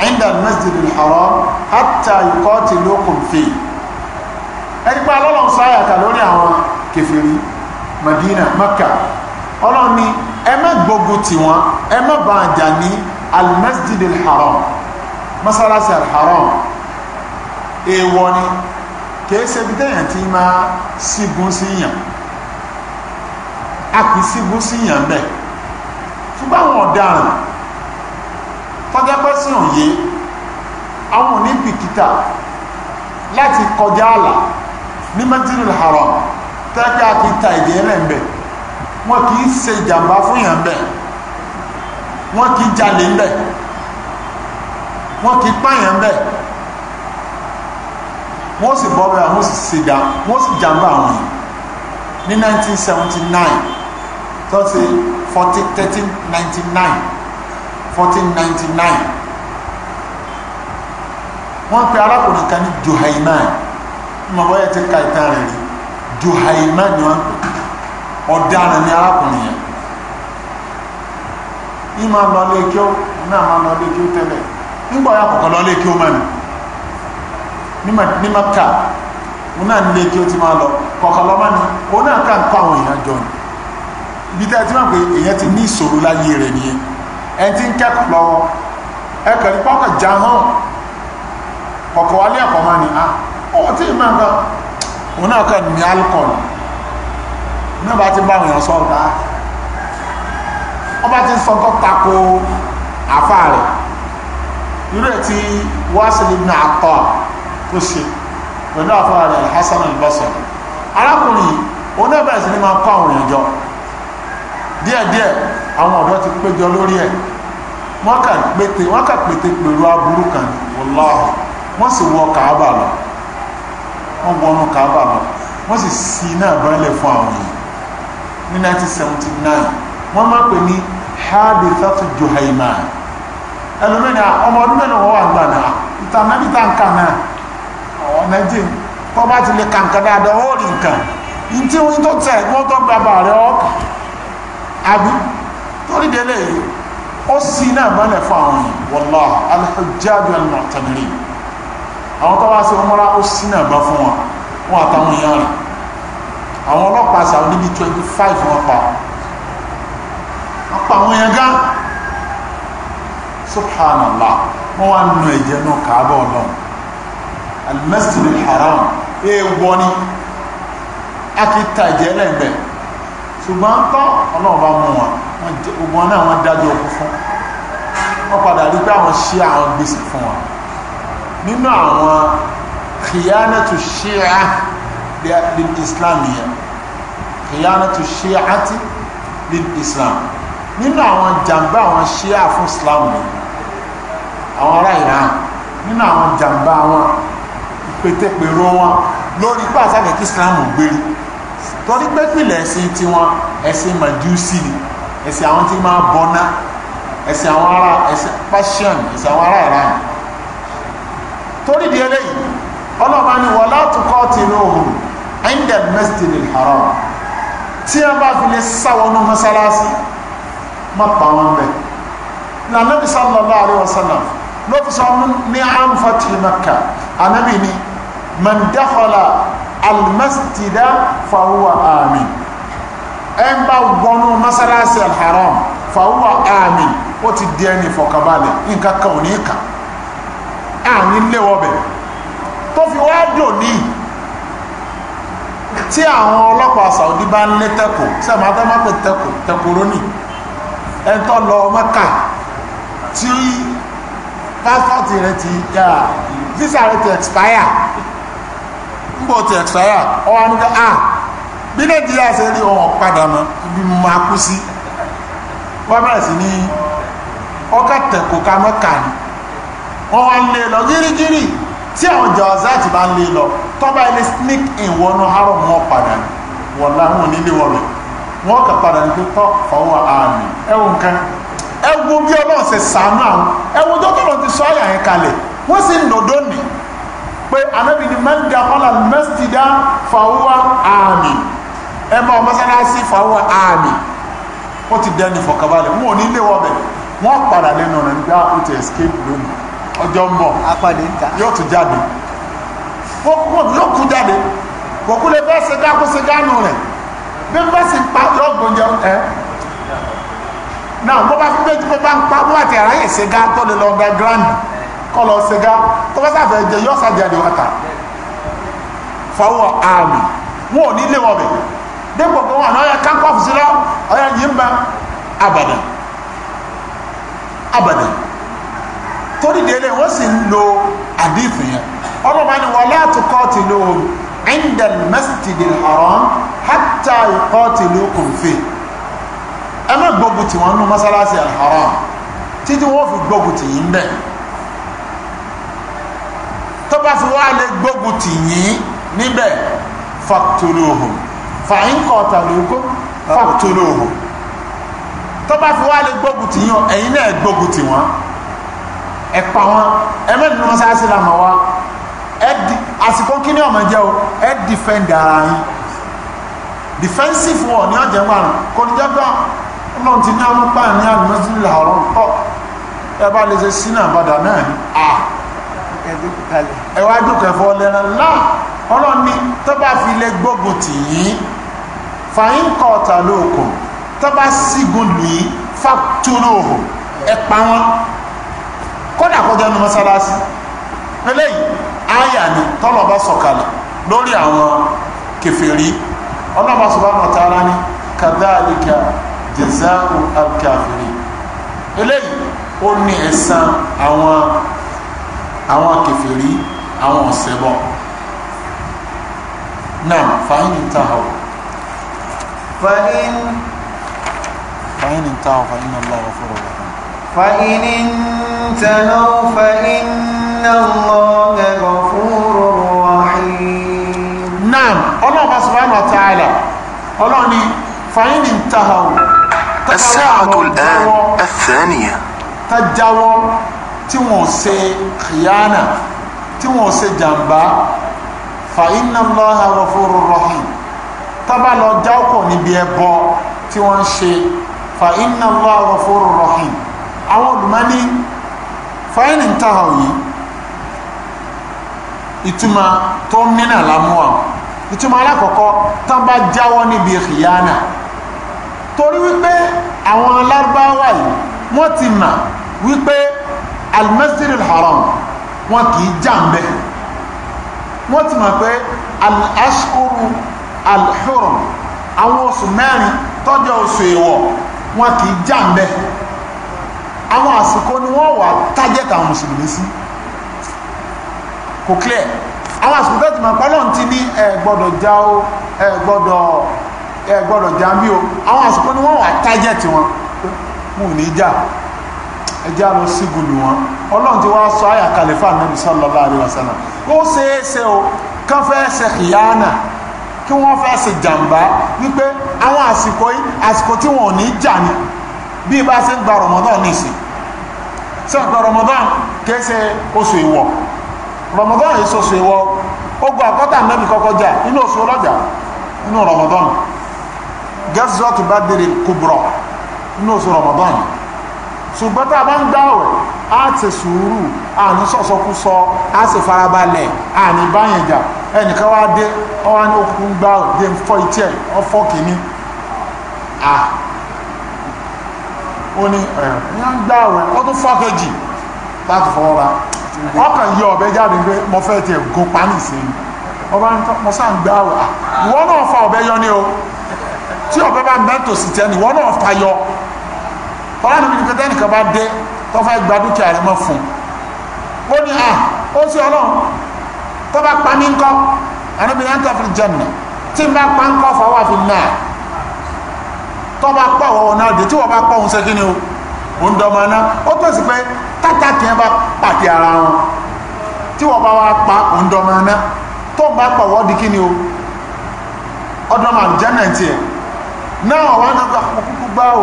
S2: عند المسجد الحرام حتى hatta yuqatilukum fi ẹni pé alọ́lọ́n sáyàtà lórí àwọn kèfèrí madina makka ọlọ́run ni ẹ má gbógun tì wọ́n ẹ má bá jà ní al-masjid al-haram masalasi al èèwọ̀ ni kìí ṣe bí tẹ́yàn tí máa sígun síyàn a kì í sígun síyàn bẹ́ẹ̀ ṣùgbọ́n àwọn ọ̀daràn tọ́jẹ́pẹ́ sí òye àwọn oníbìkítà láti kọjá àlà ní mẹ́tìrìl haram tẹ́kẹ́ àti ta èdè ẹlẹ́m̀bẹ̀ wọn kì í ṣe ìjàmbá fún yàn bẹ̀ wọn kì í jalè ń bẹ̀ wọn kì í pààyàn ń bẹ̀ wọ́n sì bọ́ bẹ́ẹ̀ wọ́n sì ṣèdá wọ́n sì jàmbá àwọn yìí ní 1979 tó ṣe 14 13 99 1499 wọ́n pe arákùnrin kan ní Juhaiman mọ̀bọ́ yẹ ti ka ìtàn rẹ̀ rí Juhaiman ni wọ́n pè ọ̀daràn ni arákùnrin yẹn ní máa lọ lé kí ó náà máa lọ lé kí ó tẹ́lẹ̀ nígbà ọ̀yà kọ̀kọ̀ lọ lé kí ó mẹ́rin ní mẹ́ta òun náà nílé kí ó ti máa lọ kọ̀kọ̀ lọ mẹ́rin òun náà kà ń àwọn èèyàn jọ ni ibi tí a ti máa pè èèyàn ti ní ìṣòro láyé rẹ̀ nìyẹn ẹni tí ń kẹ́kọ̀ọ́ lọ́wọ́ ẹ kẹ̀lé pọ́kàn já hàn kọ̀kọ́ wálé ẹ̀kọ́ máa ní a ó tí ì máa ń gbà òun náà kàn ní alukọ̀lù náà bá ti bá àwọn èèyàn sọ̀rọ̀ bá wọ́n bá ti sọ tó tako àfa rẹ̀ irú ẹ̀ tí Wasil ibn Atta tó ṣe pẹ̀lú àfa rẹ̀ Hasan al arákùnrin òun ni máa kọ́ àwọn èèyàn díẹ̀díẹ̀ àwọn ọ̀dọ́ ti péjọ lórí ẹ̀ wọ́n kà pété wọ́n kà pété pèrò aburú kan wọláhùn wọ́n sì wọ kàábà lọ wọ́n wọnú kàábà lọ wọ́n sì sí iná àbálẹ̀ fún àwọn èèyàn ní 1979 wọ́n máa pè ní hadithatu juhaima ẹlòmínà ọmọ ọdún mẹ́rin wọ́n wà gbà náà ìtànàbí tàǹkà náà ọ̀ nàìjíríà tó bá ti lè kàǹkà dáadáa ó rí nǹkan ní tí wọ́n tó tẹ̀ wọ́n tó gbàgbà rẹ̀ ọkà àbí torí délé ó sì náà mọ́lẹ̀ fún àwọn yìí wọ́lá alhajjáde almọ̀tàmìrì àwọn tó wá sí ọmọlá ó sì náà bá fún wọn wọn àtàwọn èèyàn rẹ̀ àwọn ọlọ́pàá sàwọn níbi twenty five wọn pa wọn pa àwọn èèyàn gán subhanallah wọn wá nù ẹ̀jẹ̀ náà kàábọ̀ ọlọ́run almasjid alharam èèwọ̀ ni a kì ṣùgbọ́n tán ọlọ́run bá mú wọn gbogbo náà wọ́n dájọ́ ọkú fún wọ́n padà rí pé àwọn ṣe àwọn gbèsè fún wọn nínú àwọn khiyanatu shi'a lil islam yẹn khiyanatu shi'ati lil islam nínú àwọn jàǹbá àwọn ṣíà fún islam ni àwọn ará ìran nínú àwọn jàǹbá wọn ìpètèpèrò wọn lórí pàṣẹ kí islam gbèrú torí pé pìlẹ̀ ẹ̀sìn tiwọn ẹ̀sìn màjúsì ni ẹ̀sìn àwọn tí máa bọ́ná ẹ̀sìn àwọn ará ẹ̀sìn fashion ẹ̀sìn àwọn ará ìran torí di eléyìí ọlọ́ba ni wọ́n látúkọ́ ti ní òhun ẹ̀ńdẹ̀ mẹ́sìtìlì haram tí a bá fi lè sáwọnú mọ́sálásí má pa wọn bẹ́ẹ̀ na nabi sallallahu alaihi wasallam ló fi sọ ní àǹfàtì Makkah anabi ni man dakhala almasjida fahuwa amin ẹ ń bá wọnú masalasi alharam fahuwa amin ó ti di ẹni fọkàbalẹ̀ nǹkan kan ò ní kà á ní léwọ́bẹ̀ tó fi wá dò ní tí àwọn ọlọ́pàá Saudi bá ń lé tẹ́kù sí àwọn adámápẹ̀ tẹ́kù tẹ́kù rónì ẹ̀ńtọ́ lọ Mẹ́kà tí pásítọ̀tì rẹ ti visa rẹ ti expire mgbe tí ẹ̀kṣá yà ọwọ́ nígbà á ah, bí nàìjíríà ṣe rí padà mọ́ ibi máa kú sí wọ́n bẹ̀rẹ̀ sí ní ọkà tẹ̀kọ̀ ká mọ́ kà lọ gírígírí tí àwọn jọ̀ọ́sá bá ń lé lọ tọ́ba ilé sneak in wọnú padà ní wọ́n láwọn onílé rẹ̀ wọ́n kà padà ní fọwọ́ àmì bí sàánú àwọn ti sọ yẹn kalẹ̀ wọ́n sì pé anábì ni mẹ́ta kọ́lá mẹ́sìdá fàwọ́ àmì ẹ máa mọ́sálásí fàwọ́ àmì ó ti dẹni fọkàbalẹ̀ wọn ò ní ilé wọbẹ̀ wọn padà lẹ́nu ọ̀nà nígbà ó ti escape lónìí ọjọ ń bọ̀ yóò tún jáde yóò kú jáde kòkú lè bẹ́ẹ̀ ṣe dákú ṣe dánú rẹ̀ bí wọ́n sì pa lọ́gbọ̀n jẹun ẹ̀ náà bó bá fi méjì bó bá ń pa bó àti àráyè ṣe gá tó lè lọ underground kọlọ sega tó bá sáfẹ́ jẹ yọ sájà ni wọn ta fọwọ́ àmì wọn ò ní lé wọn bẹ̀ dépò pé wọn àná ọyà kankọ́fù sí lọ ọyà yìí ń bá abàdàn abàdàn torí délé wọn sì ń lo àdìfì yẹn ọlọ́mọ ni wọn láti kọ́ ti lo ẹ̀ńdà mẹ́sìtìdì haram hátà ìkọ́ ti lo kòfin ẹ má gbógun tí wọn nú mọ́sálásí haram títí wọn fi gbógun tì yín bẹ́ẹ̀ tó bá fi wá lè gbógun tì yín níbẹ̀ fàtòlóhùn fàyínkọ̀ tàlókò fàtòlóhùn tó bá fi wá lè gbógun tì yín ẹ̀yin náà gbógun tì wọ́n ẹ pa wọn ẹ mẹ́rin ní wọ́n sáré sí làmọ́ wa àsìkò kíní ọmọ jẹ́ o ẹ dìfẹ́ǹdì ara yín defensive war ní ọjà ń gbàrún kò ní jẹ́ gbà ọlọ́run ti ní ọmọ pààyàn ní àdúmọ́sílẹ̀ ọ̀rọ̀ ń pọ̀ ẹ bá lè ṣe sínú àbàdà náà ni ah ẹwà dùkẹ́ fọ́ lẹ́ran náà ọlọ́run ní tó bá fi lè gbógun tì yín fàyín kọ́ ọ̀tà lóòkùn tó bá sígun lù yín fàtúrò ẹ pa wọn kódà kọjá ní mọ́sálásí eléyìí àyà ni tọ́lọ̀ bá sọ̀kalẹ̀ lórí àwọn kèfèrí ọlọ́ba subhanahu wa ta'ala ní kadhalika jazaa'u al-kafirin eléyìí ó ní ẹ̀san àwọn àwọn akẹfẹ̀rí àwọn sebo na fàáyìn ń ta ọ̀ fàáyìn fàáyìn ń ta ọ̀ fàáyìn
S1: فإن انتهوا فإن الله غفور رحيم نعم الله سبحانه
S2: وتعالى الله ني فإن انتهوا الساعة الآن الثانية تجاوب tí wọn ṣe kìyànà tí wọn ṣe jàǹbá fa inna Allaha ghafurur rahim tábà lọ jákò níbi ẹbọ tí wọn ṣe fa inna Allaha ghafurur rahim àwọn olùmọ́ni fáìní táhà yìí ìtumọ̀ tó ń nínà lámúà ìtumọ̀ alákọ̀ọ́kọ́ tán bá jáwọ́ níbi kìyànà torí wípé àwọn alárúbáwá yìí wọ́n ti mà wípé almasjid alharam wọn kì í jà ń bẹ wọn ti mọ̀ pé alashuru alhurum àwọn oṣù mẹ́rin tọ́jọ́ oṣù èèwọ̀ wọn kì í jà ń bẹ àwọn àsìkò ni wọ́n wà tájẹ́tà àwọn mùsùlùmí sí kò clear àwọn àsìkò tẹ́tì mọ̀ pé lọ́n ti ní ẹ gbọ́dọ̀ já o ẹ gbọ́dọ̀ ẹ gbọ́dọ̀ já bí o àwọn àsìkò ni wọ́n wà tájẹ́tì wọn wọn ò ní já ẹjẹ́ àlọ́ sígùlù wọn ọlọ́run ti wá sọ àyà kàlífà nàbì sallallahu alaihi wasallam ó ṣeéṣe o kán fẹ́ ṣe kìyànà kí wọ́n fẹ́ ṣe jàǹbá wípé àwọn àsìkò yìí àsìkò tí wọn ò ní jà ni bí bá ṣe ń gba Ramadan nìsín ṣe ń gba Ramadan kìí ṣe oṣù ìwọ̀ Ramadan yìí ṣoṣù ìwọ̀ ó gba àkọ́tà nàbì kọ́kọ́ jà inú oṣù ọlọ́jà inú Ramadan gẹ́sìtì bá dèrè kúburọ̀ inú oṣù Ramadan yìí ṣùgbọ́n tá a bá ń gbààwẹ̀ á ti sùúrù àní sọ̀sọ́kúsọ á sì farabalẹ̀ àní báyìí jà ẹnìkan wá dé ọwá ní okùnkùn gbààwẹ̀ dé fọ́ etí ẹ̀ ọfọ́ kìíní à ó ní ẹ̀yà ń gbààwẹ̀ ó tún fọ́ kejì láti fọwọ́ ra ọkàn yọ ọ̀bẹ jáde pé mo fẹ́ tiẹ̀ gun pa ní ìsinmi ọba ń tọ́ mo sá ń gbààwẹ̀ ìwọ o tí ọ̀bẹ bá ń bẹ́ tòsí kọ́lá níbi nìkan tẹ́nìkan bá dé tó fẹ́ gba dúkìá rẹ̀ mọ́ fún un ó ní à ah, ó sì ọlọ́run tó bá pa mí ńkọ́ àníbìyà ń tàfi jẹ̀nà tí n bá pa ńkọ́ fọwọ́ àfi náà tó bá pọ̀ wọ́n náà dé tí wọ́n bá pọ̀ òun ṣe kí ni o òun dọ̀mọ́ náà ó tó sì pé tátà tiẹ̀ bá pàtẹ ara wọn tí wọ́n bá wá pa òun dọ̀mọ́ náà tó ń bá pọ̀ wọ́n di kí ni o ọdún àmì jẹ́nà tiẹ̀ náà wọ́n á náà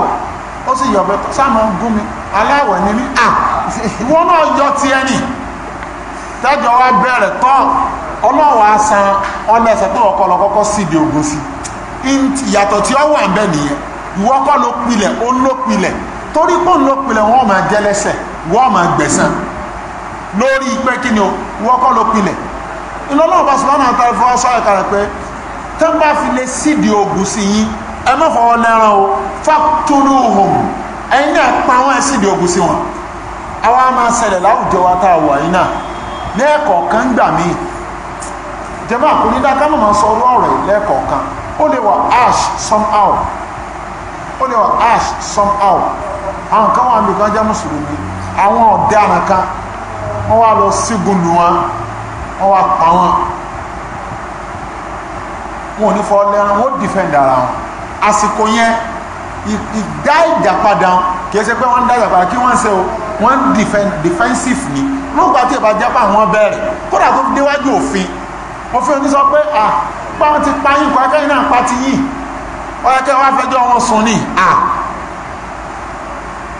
S2: ó sì yọ̀bẹ̀ sáàmù gún mi aláwọ̀ ni mí à ah, ìwọ náà yọ ti ẹni tẹ́jọ wa bẹ̀rẹ̀ tọ́ ọlọ́wọ̀ asan ọlẹ́sẹ̀ tó ọkọ̀ lọ kọ́kọ́ sí ibi ogun sí ìyàtọ̀ tí ó wà ń bẹ̀ nìyẹn ìwọ kọ́ ló pilẹ̀ ó ló pilẹ̀ torí pọ́n ló pilẹ̀ wọ́n máa jẹ́lẹ́sẹ̀ wọ́n máa gbẹ̀san lórí pé kí ni o ìwọ kọ́ ló pilẹ̀ ìlọ́lọ́wọ́ bá sọ lọ́nà àtàrí fún ọsọ pé tẹ́ bá fi lè sídìí ogun sí yín ẹ má fọwọ́ lẹ́ran o fàtúlù hùm ẹ̀yin náà pa wọ́n ẹ̀sìn ìdí ogun sí wọn àwa máa ṣẹlẹ̀ láwùjọ wa tá a wà yín náà lẹ́ẹ̀kọ̀ọ̀kan gbà mí jẹ́mọ́ àkúrí dáká mọ̀ máa sọ ọ̀rọ̀ ọ̀rọ̀ lẹ́ẹ̀kọ̀ọ̀kan ó lè wà ash somehow ó lè wà ash somehow àwọn kan wà nìkan jẹ́ mùsùlùmí àwọn ọ̀daràn kan wọ́n wá lọ sígun lù wọn wọ́n wá pa wọn wọn ò ní fọ́ lẹ́ran wọ́n dìfẹ́ǹdì ara wọn àsìkò yẹn ìdá ìdàpadà kìí ṣe pé wọ́n ń dá ìdàpadà kí wọ́n ń ṣe o wọ́n ń defensive ni lóògbà tí ìbá jápá àwọn bẹ̀rẹ̀ kódà tó fi déwájú òfin òfin oní sọ pé à báwọn ti pa yín kọ akẹ́yìn náà pa ti yín ọ̀yẹ́kẹ́ wọ́n fẹjọ́ wọn sùn ni à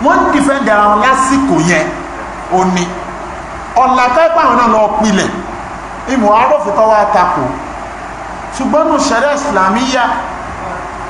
S2: wọ́n ń defend ara wọn lásìkò yẹn òní ọ̀là káípa àwọn náà lọ pilẹ̀ ìmọ̀ arọ́fitọ́ wa takò ṣùgbọ́n nù sẹ́rẹ́ ìsìlámíyà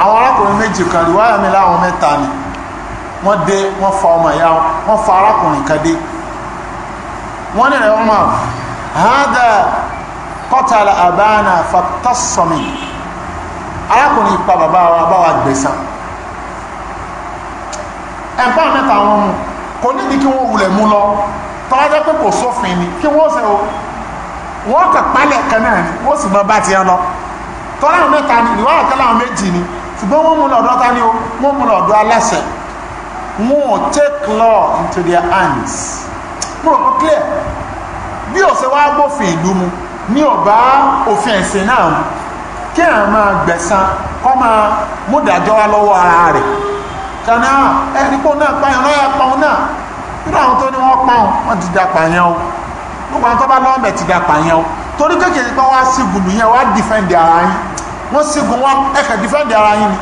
S2: àwọn arákùnrin méjì kan rìwáyà mi láwọn mẹ́ta ni wọ́n dé wọ́n fa ọmọ ìyá wọ́n fa arákùnrin kan dé wọ́n ní rẹ̀ wọ́n máa hádà kọ́tàlá àbáàna fàtàsọ̀mì arákùnrin pa bàbá wa bá wa gbẹ̀san ẹ̀fọ́ mẹ́ta wọn mú kò nídìí kí wọ́n wulẹ̀ mú lọ tọ́jọ́ pé kò sófin ni kí wọ́n ṣe wọ́n kàn pálẹ̀ kan náà ni wọ́n sì mọ bá ti ń lọ tọ́lá mẹ́ta ni ìwádìí kẹ́lá méjì ni ṣùgbọ́n wọ́n mú lọ́dọ̀ ta ni o wọ́n mú lọ́dọ̀ aláṣẹ wọn ò take law into their hands mo rò clear bí o ṣe wá gbófin ìlú mu ní ọba òfin ẹ̀sìn náà mu kí àwọn máa gbẹ̀san kọ́ máa múdàjọ́ wa lọ́wọ́ ara rẹ̀ kàná ẹni pọ́ náà pa ìran ẹ̀ pa òun náà nínú àwọn tó ní wọ́n pa òun wọ́n ti dà pààyàn o gbogbo àwọn tó bá lọ́ọ̀mẹ̀ ti dà pààyàn o torí kékeré pé wọ́n á sí gbùlù wọ́n sígun wọn ẹ̀kà dífẹ́ǹdì ara yín ni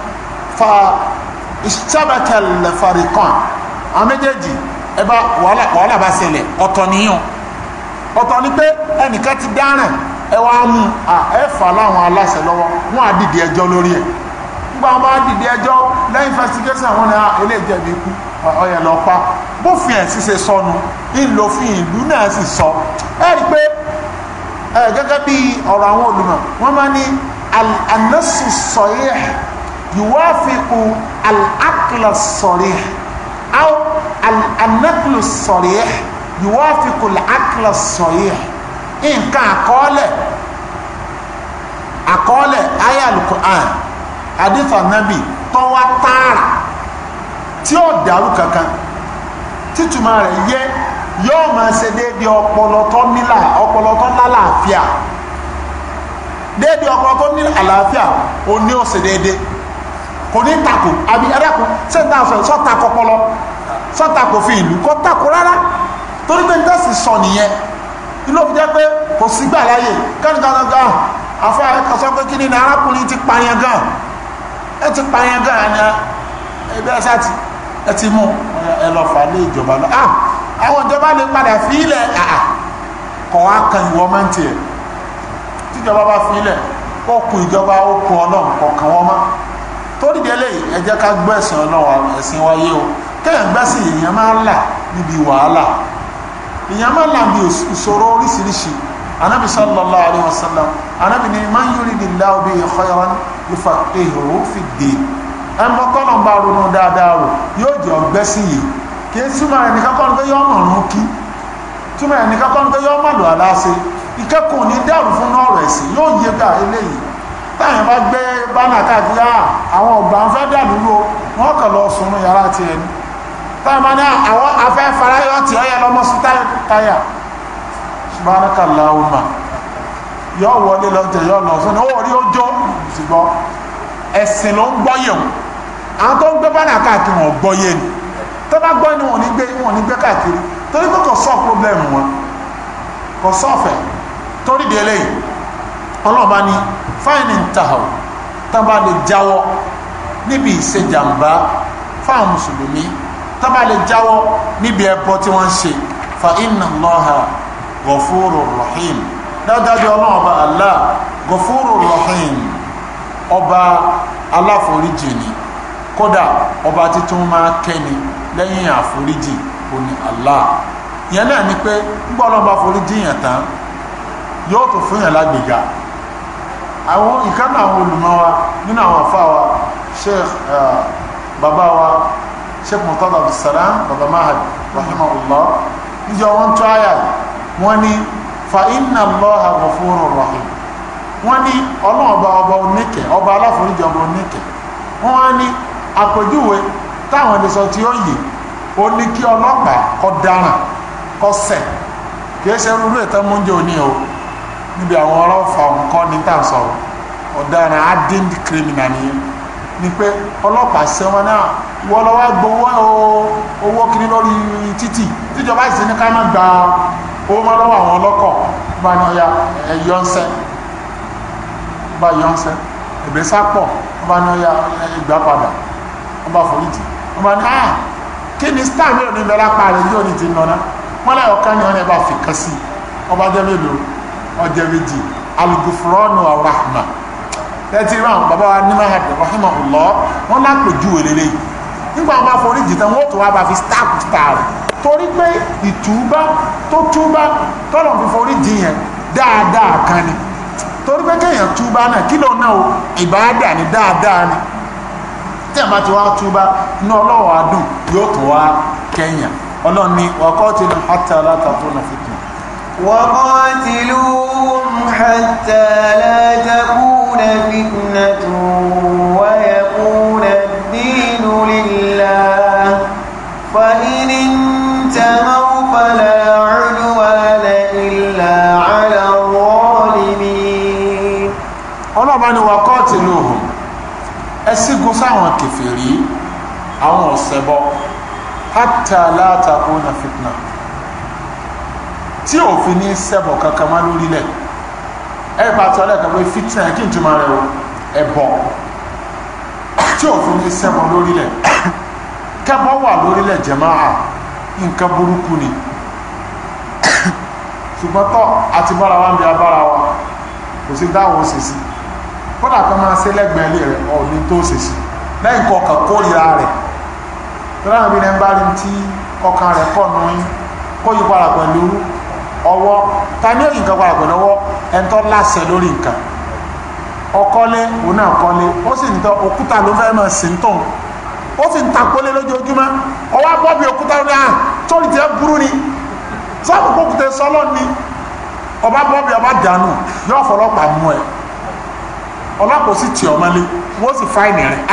S2: fa ìṣàbẹ̀tẹ̀lẹ̀ farikan àwọn méjèèjì ẹ bá wàhálà bá ṣẹlẹ̀ ọ̀tọ̀ nìyàn ọ̀tọ̀ ni pé ẹnìkan ti dáràn ẹ wá mú ẹ fà láwọn aláṣẹ lọ́wọ́ wọn á dìde ẹjọ́ lórí ẹ̀ nígbà wọn bá dìde ẹjọ́ lẹ́yìn investigation àwọn náà eléjẹ̀bi ikú ọ̀yẹ̀ lọ́pàá bófin ẹ̀ sì ṣe sọnù ìlòfin ìlú náà sì sọ ẹ rí i pé gẹ́gẹ́ bí ọ̀rọ̀ àwọn olùmọ̀ wọ́n máa ní النص الصحيح يوافق العقل الصريح أو النقل الصريح يوافق العقل الصريح إن كان قال أقول آية القرآن حديث النبي توا تارا tí ó dàrú kankan títúmọ̀ rẹ̀ yẹ yóò máa ṣe déédéé ọpọlọ tó ní déédéé ọkọ tó ní àlàáfíà ò ní ọ̀sẹ̀ déédéé kò ní takò àbí ẹ̀dàkùn sẹ́ńtà sọ sọ́takò pọlọ sọ́takò fi ìlú kọ́ takò rárá torí pé nígbà sì sọ nìyẹn ló fi jẹ́ pé kò sígbà láyè kẹ́nìkan gan ah, afọ àkọsọ pé kí ni ní arákùnrin ti pààyàn gan ẹ ti pààyàn gan ni ẹgbẹ́ ẹ̀sà ti ẹ ti mú ẹ lọ fà lé ìjọba lọ ah, àwọn ìjọba lè padà fi ilẹ̀ ah, kọ̀ wá kan ìwọ máa ń tiẹ̀ tíjọba bá fi ilẹ̀ kọ́kù ìjọba okùn ọlọ́run kọ̀ọ̀kan wọn mọ́ torí délé ẹ jẹ́ ká gbẹ̀sìn ọlọ́run ẹ̀sìn wáyé o kéèyàn gbẹ̀sìn èèyàn máa ń là níbi wàhálà èèyàn máa ń là níbi ìṣòro oríṣiríṣi anabi sallallahu alayhi wa sallam anabi ni man yuridillahu bihi khayran yufaqihu fi ddin ẹnbọ kọ́nà bá ronú dáadáa rò yóò jẹ́ ọgbẹ́sìn yìí kì í túmọ̀ ẹnìkan kọ́ni pé yọ́ọ́ mọ̀ ọ̀run kí túmọ̀ ẹnìkan kọ́ni pé yọ́ọ́ mọ̀ lọ́ aláṣẹ ìkẹ́kùn ní dẹ̀rù fún ọ̀rọ̀ ẹ̀sìn yóò yé gbà eléyìí táyà bá gbé bánà káàkiri ah, àwọn ọ̀gbà ń fẹ́ dà lúlò wọ́n kàn lọ sùn yàrá ti ẹni táyà bá ní ah, àwọn afẹ́ farayọ́ ti ọyẹ lọ́mọ sí táyà subhanakallahumma yọ wọlé lọ́tẹ̀ yọ lọ sọ́nà ó rí ọjọ́ ṣùgbọ́n ẹ̀sìn ló ń gbọ́yẹ̀ wọn àwọn tó ń gbé bánà káàkiri wọn gbọ́yẹ̀ ni tó bá gbọ́ ni wọn problem wọn kò torí di ọlọ́ọ̀bá ni fáìní ń ta tábà lè jáwọ́ níbi ìṣèjàmbá fáwọn mùsùlùmí tábà lè jáwọ́ níbi ẹbọ tí wọ́n ń ṣe fa inna Allaha ghafurur rahim dájúdájú ọlọ́ọ̀bá Allah ọba aláforíjì ni kódà ọba títún máa kẹ́ni lẹ́yìn àforíjì òní ìyẹn náà ni pé yóò tó fún yàn lágbègà àwọn ìkànnì àwọn olùmọ̀ wa nínú àwọn àfa wa sheikh uh, baba wa sheikh murtada abdulsalam baba mahadi rahimahullah níjọ wọn tó àyà wọn ni fa inna allaha rahim wọn ni ọba oníkẹ ọba aláforíjì ọba oníkẹ wọn wá ní àpèjúwe táwọn ẹni sọ tí ó yè ó ní kí dáràn kì í ṣe irú ètò oúnjẹ níbi àwọn ọlọ́fà nǹkan ní tà sọ ọ̀daràn adéǹdì kírímìnà nìyẹn ni pé ọlọ́pàá sẹ́wọ̀n náà wọ́n lọ́wọ́ gbowó owó kiri lórí títì tíjọba sì ní ká má gba owó mọ́ lọ́wọ́ àwọn ọlọ́kọ̀ bá ní ọya ẹ̀yọ́nsẹ́ bá yọ́nsẹ́ ìgbésà pọ̀ bá ní ọya ìgbà padà wọ́n bá foríjì wọ́n bá ní ah kí ni star mi ò ní bẹ́ẹ̀ lápá rẹ̀ yóò ní ti nọ náà wọ́n láyọ̀ ká ní ọ̀nà ẹ̀ bá sí ọba jẹ́ mélòó ọjọ́ méjì alugufurọ́nù arahma tẹ́tí rí àwọn bàbá wa ní mahadum rahimahullah wọ́n lápèjú òlélẹ́ yìí nígbà wọn bá forí jì tán wọ́n tó wá bá fi stáàpù stáàpù torí pé ìtúbá tó túbá tọ́lọ̀ fi forí jì yẹn dáadáa kan ni torí pé kéèyàn túbá náà kí ló náà ìbáadà ni dáadáa ni tí a máa ti wá túbá ní ọlọ́wọ́ adùn yóò tó wá kẹ́yìn ọlọ́ni wàkọ́ ti ní hátà látàkùn náà fi kí
S1: وقاتلوهم حتى لا تكون فتنة ويكون الدين لله فإن انتموا فلا عدوان إلا على الظالمين ọlọ́ba ni وقاتلوهم ẹ̀sìgún sáwọn kèfèrí
S2: أو ọ̀sẹ̀bọ حتى لا تكون fitna tí òfin ní ṣẹbọ kankan má lórílẹ̀ ẹ bá tọ́ lẹ́ẹ̀kan pé fitina kí n túmọ̀ rẹ o ẹ̀bọ tí òfin ní ṣẹbọ lórílẹ̀ kẹbọ wà lórílẹ̀ jẹ̀máà nǹkan burúkú ni ṣùgbọ́n tọ́ àti bára wa ń bí abára wa kò sí dáhùn òṣèṣì kódà kan máa ṣe lẹ́gbẹ̀ẹ́ ilé rẹ̀ ọ̀ọ́ni tó òṣèṣì lẹ́yìn kọkàn kórìíra rẹ̀ tọ́lá mi ní ẹ bá rí ti ọkàn rẹ̀ pọ̀ nù yín kó yí padà pẹ̀lú Ọwọ ta ní kan padà pẹ̀lú ọwọ́ ẹni lórí nǹkan ọkọ́lé òun náà kọ́lé ó sì ń tọ òkúta ló fẹ́ mọ̀ sí ń tàn ó sì ń ta kólé lójoojúmọ́ ọwọ́ bọ́bí òkúta ló ní à tóri ni sọ́ọ̀bù kókùtẹ́ sọ́lọ́ ni ọba bọ́bí ọba dànù yóò mú ẹ sì tì sì fáìnì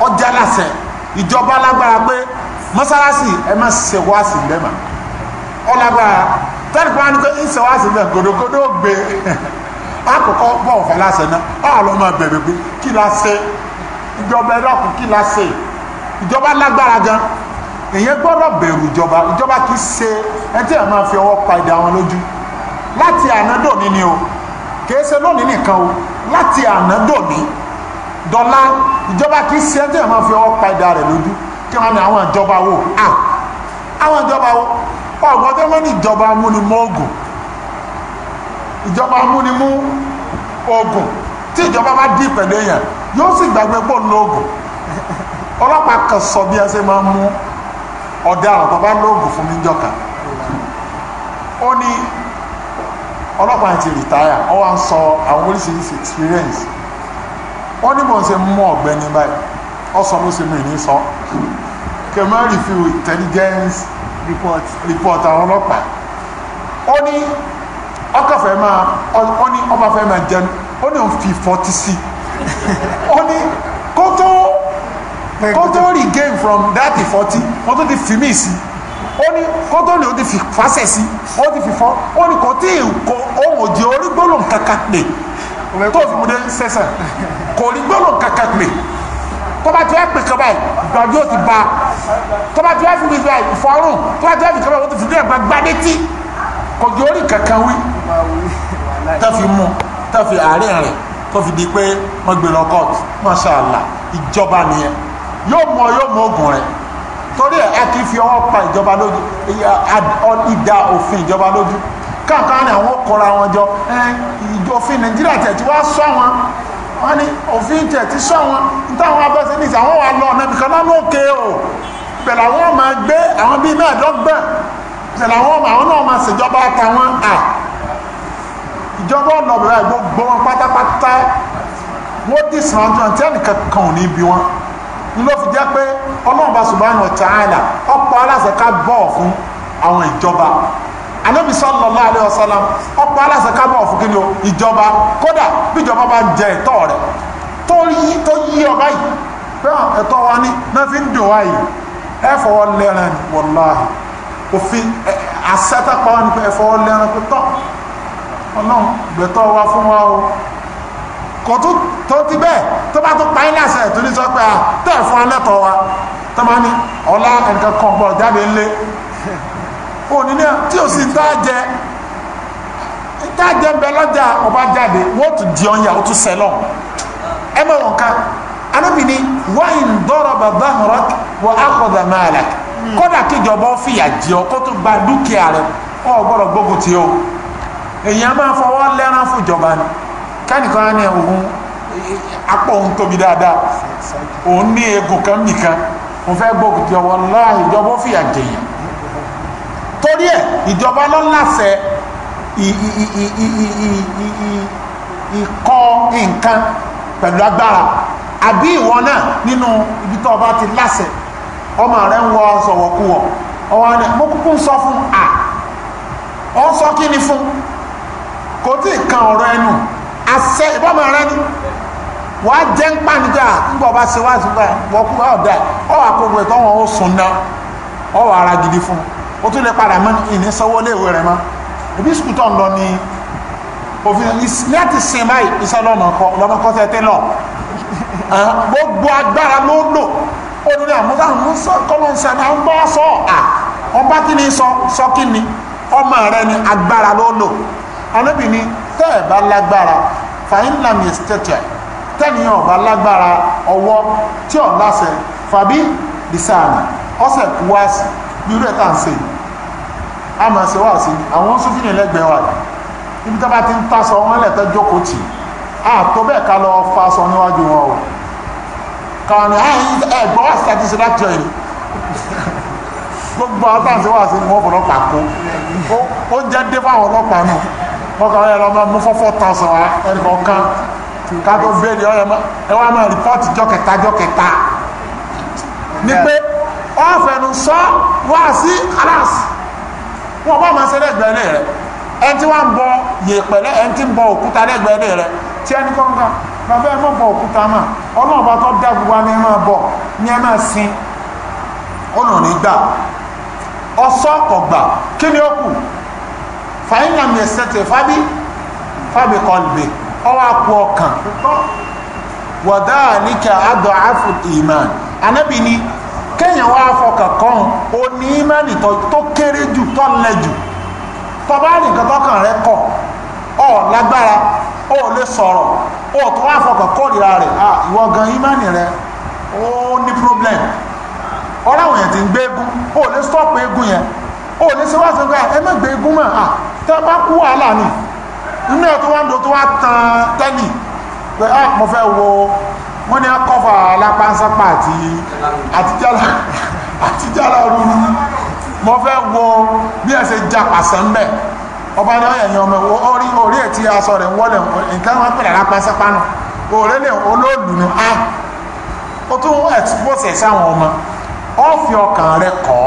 S2: ọjà lásẹ ìjọba lágbára pé mọ́sálásì ẹ má ṣe wá sí lẹ́mà ọlágbára tẹ́lẹ̀ fún wa ní pé ń ṣe wá sí lẹ́mà gòdògòdò gbé àkọ́kọ́ bọ̀ ọ̀fà lásẹ náà báwa lọ́ máa bẹ̀rẹ̀ pé kí la ṣe ìjọba ẹ lọ́kùn kí la ṣe ìjọba lágbára gan èyẹ gbọ́dọ̀ bẹ̀rù ìjọba ìjọba kì í ṣe ẹ tí ẹ máa fi ọwọ́ pa ìdá wọn lójú láti ànádò ní ni o kì í ṣe lónìí nìkan o láti ànádò ní dọ́là ìjọba kì í ṣe ẹjọ́ ìmọ̀ fi ọwọ́ pa ìdá rẹ̀ lójú kí wọ́n ní àwọn ìjọba wo àwọn ìjọba wo ọgbọ́n tó wọ́n ní ìjọba amúnimú ogun ìjọba amúnimú ogun tí ìjọba bá dì pẹ̀lú èèyàn yóò sì gbàgbé pọ̀ lóògùn ọlọ́pàá kan sọ bí ẹ ṣe máa ń mú ọ̀daràn tó bá lóògùn fún mi jọ̀ka ó ní ọlọ́pàá ti rìtáyà ó wá ń sọ àwọn oríṣiríṣi experience ó ní mọ̀ ṣe mú ọ̀gbẹ́ni báyìí ó sọ ló ṣe mí ní sọ kẹmẹ́ review intelligence report report àwọn ọlọ́pàá ó ní ọkọ̀fẹ́ máa ó ní ọba fẹ́ máa jẹun ó ní òun fi forty sí ó ní kó tó kó tó regain from that forty wọ́n tó ti fi mí sí ó ní kótó ni ó ti fi fásẹ̀ sí ó ti fi fọ́ ó ní kò tí ì kó ohun òdì orí gbólóhùn kankan pè tó fi mú dé sẹ́sẹ̀ kò rí gbọ́dọ̀ kankan pè tọ́ba tí wọ́n pè kaba yìí gbàdúrà ti ba tọ́ba tí wọ́n fi mi báyìí fọ́ọ̀rùn tọ́ba tí wọ́n fi kaba yìí wọ́n ti fi dẹ́gbà gbadétí kò jọ orí kankan wí tá fi mú tá fi àárẹ̀ rẹ̀ tó fi di pé wọ́n gbé lọ kọ́ọ̀tù masha Allah ìjọba nìyẹn yóò mọ yóò mọ ogun rẹ̀ torí ẹ̀ a kì í fi ọwọ́ pa ìjọba lójú ìdá òfin ìjọba lójú káàkiri àwọn kọra wọn jọ ìjọ òfin Nàìjíríà tẹ̀ tí wọ́n sọ wọn wọ́n ní òfin tẹ̀ ti sọ wọn nítawọn abẹ́sẹ̀ ní ìsàwọn wà lọ ọ̀nà ibìkan náà lókè o pẹ̀lú àwọn ọmọ gbé àwọn bíi mẹ́ẹ̀ẹ́dọ́gbọ̀n pẹ̀lú àwọn ọmọ àwọn náà máa ṣèjọba àtàwọn à ìjọba ọ̀nà ọ̀bẹ̀rẹ̀ gbogbo wọn pátápátá wọ́n dì sàn án tí ẹnìkan kan ò ní bí wọn ló fi jẹ́ pé ọlọ́run bá subhanahu wa ta'ala ọ̀pọ̀ aláṣẹ anabi sallallahu alaihi wasallam ọ̀pọ̀ aláṣẹ ká máa fún kí ni o ìjọba kódà bíjọba bá ń jẹ ẹ̀tọ́ rẹ̀ tó yí tó yí ọba yìí pé ẹ̀tọ́ wa ní náà fi ń dùn wá yìí ẹ fọwọ́ lẹ́ran ni wàláhì òfin àṣẹtàpá wa ni pé ẹ fọwọ́ lẹ́ran pé tọ́ ọlọ́run gbẹ̀tọ́ wa fún wa o kò tó tó ti bẹ́ẹ̀ tó bá tó pa ẹ́ láṣẹ tó ní sọ pé à tẹ́ fún alẹ́tọ̀ wa tó máa ní ọlá ẹnìkan kan òní náà tí ò sì ń tá jẹ ń tá jẹ bẹ lọ́jà ọba jáde wọ́n tún di ọ̀yà ó tún sẹ́lọ̀ ẹ mọ̀ wọn kan anábìíní wáyé ń dọ́rọ̀ bàbá ọ̀rọ̀ wọ akọ̀dà máa là kódà kíjọba fìyà jẹ ọ kó gba dúkìá rẹ ọ gbọ́dọ̀ gbógun ti o èèyàn máa fọwọ́ lẹ́rán fún ìjọba ni kánìkan á ní ohun apọ̀ ohun tóbi dáadáa òun ní eegun kan nìkan òun fẹ́ gbógun ti ọwọ́ láàyè ìjọba fìyà jẹyàn ìjọba lọ́láṣẹ ìkọ́ nǹkan pẹ̀lú agbára àbí ìwọ náà nínú ibi tó ọba ti láṣẹ ọmọ rẹ̀ ń wọ sọ̀wọ̀kúwọ̀ ọwọ́ ni mo kúkú sọ fún à ọ sọ kí ni fún kò tí ì kan ọ̀rọ̀ ẹnu àṣẹ ìbọmọ rẹ ni wà á jẹ́ ń pàǹdà nígbà bá ṣe wá sí báyìí wọ́n kú ọ̀dà ọ̀ àkókò ìtọ́wọ̀n ó sùn náà ọ̀ ara gidi fún un o tún lè padà mọ́ ìní sanwó léèwé rẹ̀ mọ́ ibi sùkúl tó ń lọ ni òfin láti sin báyìí iṣẹ́ lọ́mọkọ lọ́mọkọ tẹ́ tẹ́ lọ gbogbo agbára ló lò ó ní àmúta àmúsọ kọ́lọ́ sẹ́ máa ń bọ́ sọ à ọba kí ni sọ sọ kí ni ọmọ rẹ ni agbára ló lò anábìíní tẹ́ ẹ̀ bá lágbára fàyín làmì ẹ̀sítẹ́tẹ̀ tẹ́niyàn ọba lágbára ọwọ́ tí ọ̀ láṣẹ fàbí bisáàmì ọ̀sẹ̀ kúwàásì bí irú ẹ̀ tá à ń sèyí a máa ṣe wá sí àwọn sófin lẹ́gbẹ̀ẹ́ wa níbi tó bá ti ń tasọ wọn lẹ́tọ́ jókòó tì àtọ́ bẹ́ẹ̀ ká lọ fa aṣọ níwájú wọn o kàwọn ní ẹgbọ́n wá sí àti ṣe láti ọ̀yìn gbogbo àwọn táwọn ṣe wá sí ni wọ́n fọlọ́pàá kó ó jẹ́ dé fáwọn ọlọ́pàá náà wọ́n kàn yẹ lọ máa mú fọ́fọ́ tán sọ wa ẹnì kọ̀ọ̀kan káàtó bẹ́ẹ̀lì ọ̀yẹ́ ẹ wá máa rìpọ́ọ̀tì jọ kẹta jọ kẹta ni pé ọ̀fẹ́nu sọ wá sí aláàsì wọ́n ọba máa ṣe lẹ́gbẹ̀ẹ́ ilé rẹ̀ ẹni tí wọ́n ń bọ yèèpẹ̀lẹ́ ẹni tí ń bọ òkúta lẹ́gbẹ̀ẹ́ ilé rẹ̀ tí ẹni kọ́ńkọ́ bàbá ẹ̀ mọ̀ bọ òkúta mà ọlọ́run bá tọ́ dá gbogbo máa ẹ máa sin ọ̀nà nígbà kí ni ó kù fábí fábí àpò ọkàn kéèyàn wá fọkàn kan ó ní ìmánì tó kéré jù tó lẹ jù tọba nìkan tọkàn rẹ kọ ọ lágbára ọ lè sọrọ ọ tó wá fọkàn kórìíra rẹ̀ a ìwọ gan ìmánì rẹ ó ní problem ọrọ àwọn ti ń gbé egun le lè egwu egun yẹn ó lè ṣe wá sí pé ẹ má gbé egun mọ́ à tẹ́ bá kú wàhálà ni nínú ẹ̀ tó wá ń do tó wá tẹ́lì pé mo fẹ́ wo wọ́n ní akọ́fà alápánsápá àti àtijára rúrú mọ́ fẹ́ wo bí ẹ já pàṣẹ ń ọba náà ẹ̀yìn ọmọ orí orí ètí aṣọ rẹ̀ wọlé nǹkan wọn pẹ̀lú alápánsápá nù òrèlè olóòlù ni a ah! ó tún expose sáwọn ọmọ ọ́ọ̀fì ọkàn rẹ̀ kọ́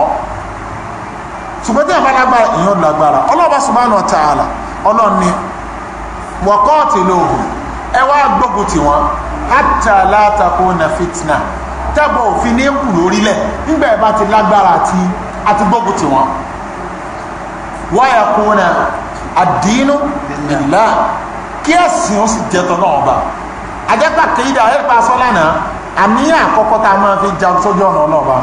S2: ṣùgbọ́n tí àbá lágbára èèyàn lágbára ọlọ́ọ̀bá subhanahu wa ta'ala ọlọ́ọ̀ni wọ́kọ́ọ̀tì lóògùn ẹ wá gbógun tì hatta la takuna fitna tẹ́bọ̀ òfin ní kù lórílẹ̀ nígbà ẹ̀ bá ti lágbára àti àti gbógun tì wọ́n wa yakuna ad-dinu lillah kí ẹ̀sìn ó sì jẹ́tọ̀ náà ọba àjẹ́pà kéyìdá ẹ̀pà sọ́lánà àníyàn àkọ́kọ́ tá a máa fi jà sójú ọ̀nà ọlọ́ọ̀bá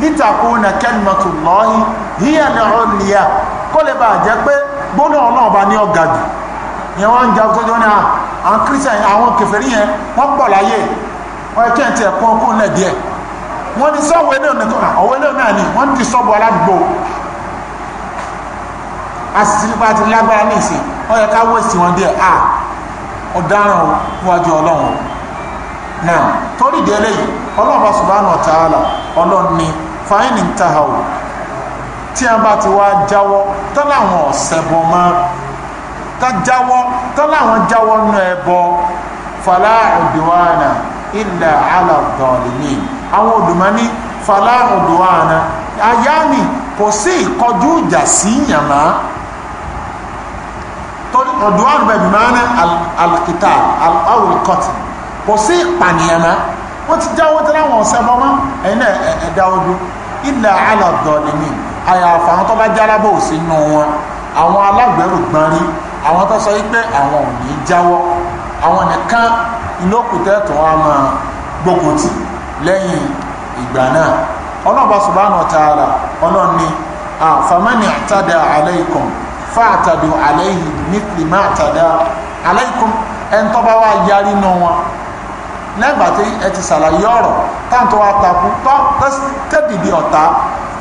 S2: litakuna kalimatullahi hiya al-ulya kó lè bàa jẹ́ pé gbóná ọlọ́ọ̀bá ní ọ̀gá jù ìyẹn wọ́n ń jà sójú ọ̀nà ah, àwọn kírísítà àwọn kèfèrí yẹn wọ́n pọ̀ láyé wọ́n kẹ́ ẹ̀ tí ẹ̀ kọ́ kó lẹ̀ díẹ̀ wọ́n ní sọ́wọ́ ilé òní kan ọ̀wọ́ ilé náà ni wọ́n ti sọ́bọ̀ aládùúgbò asìsípa ti lágbára ní ìsìn wọ́n yẹ ká wẹ́sì wọn díẹ̀ à ọ̀daràn wájú ọlọ́run náà torí ìdí eléyìí ọlọ́run subhanahu wa ta'ala ọlọ́run ni fáìní ń ta àwọ̀ tí a bá ti wá jáwọ́ tọ́lá àwọn ọ̀sẹ̀ bọ̀ máa tán jáwọ́ tán láwọn jáwọ́ nú ẹbọ fàlà udwana illa ala zalimin àwọn olùmọ́ni fàlà udwana ayáni kò sí ìkọjú ìjà sí yàmá torí udwan bẹ̀rẹ̀ mọ́ná alkitab alkọtì kò sí ìpànìyàn náà wọ́n ti jáwọ́ tí láwọn ọ̀sẹ̀ bọ́ mọ́ ẹ̀yìn ẹ̀dá ọdún ilẹ̀ alàdọ̀lẹ̀mí àyàfà àwọn tó bá jálábọ̀ òsì nù wọn àwọn alágbẹ̀rù gbọ́n rí àwọn tó sọ wípé àwọn ò ní jáwọ́ àwọn nìkan ìlókùtẹ́ tó wọn máa gbógun tì lẹ́yìn ìgbà náà ọlọ́ọ̀bá subhanahu wa ta'ala ọlọ́ọ̀ni àfàmánì àtàdà alaykum fàtàdù alayhi mithli má àtàdà alaykum ẹni tó bá wá yarí nù wọn lẹ́gbà tí ẹ ti ṣàlàyé ọ̀rọ̀ táǹtọ́ wa takú tẹ́bìbì ọ̀tá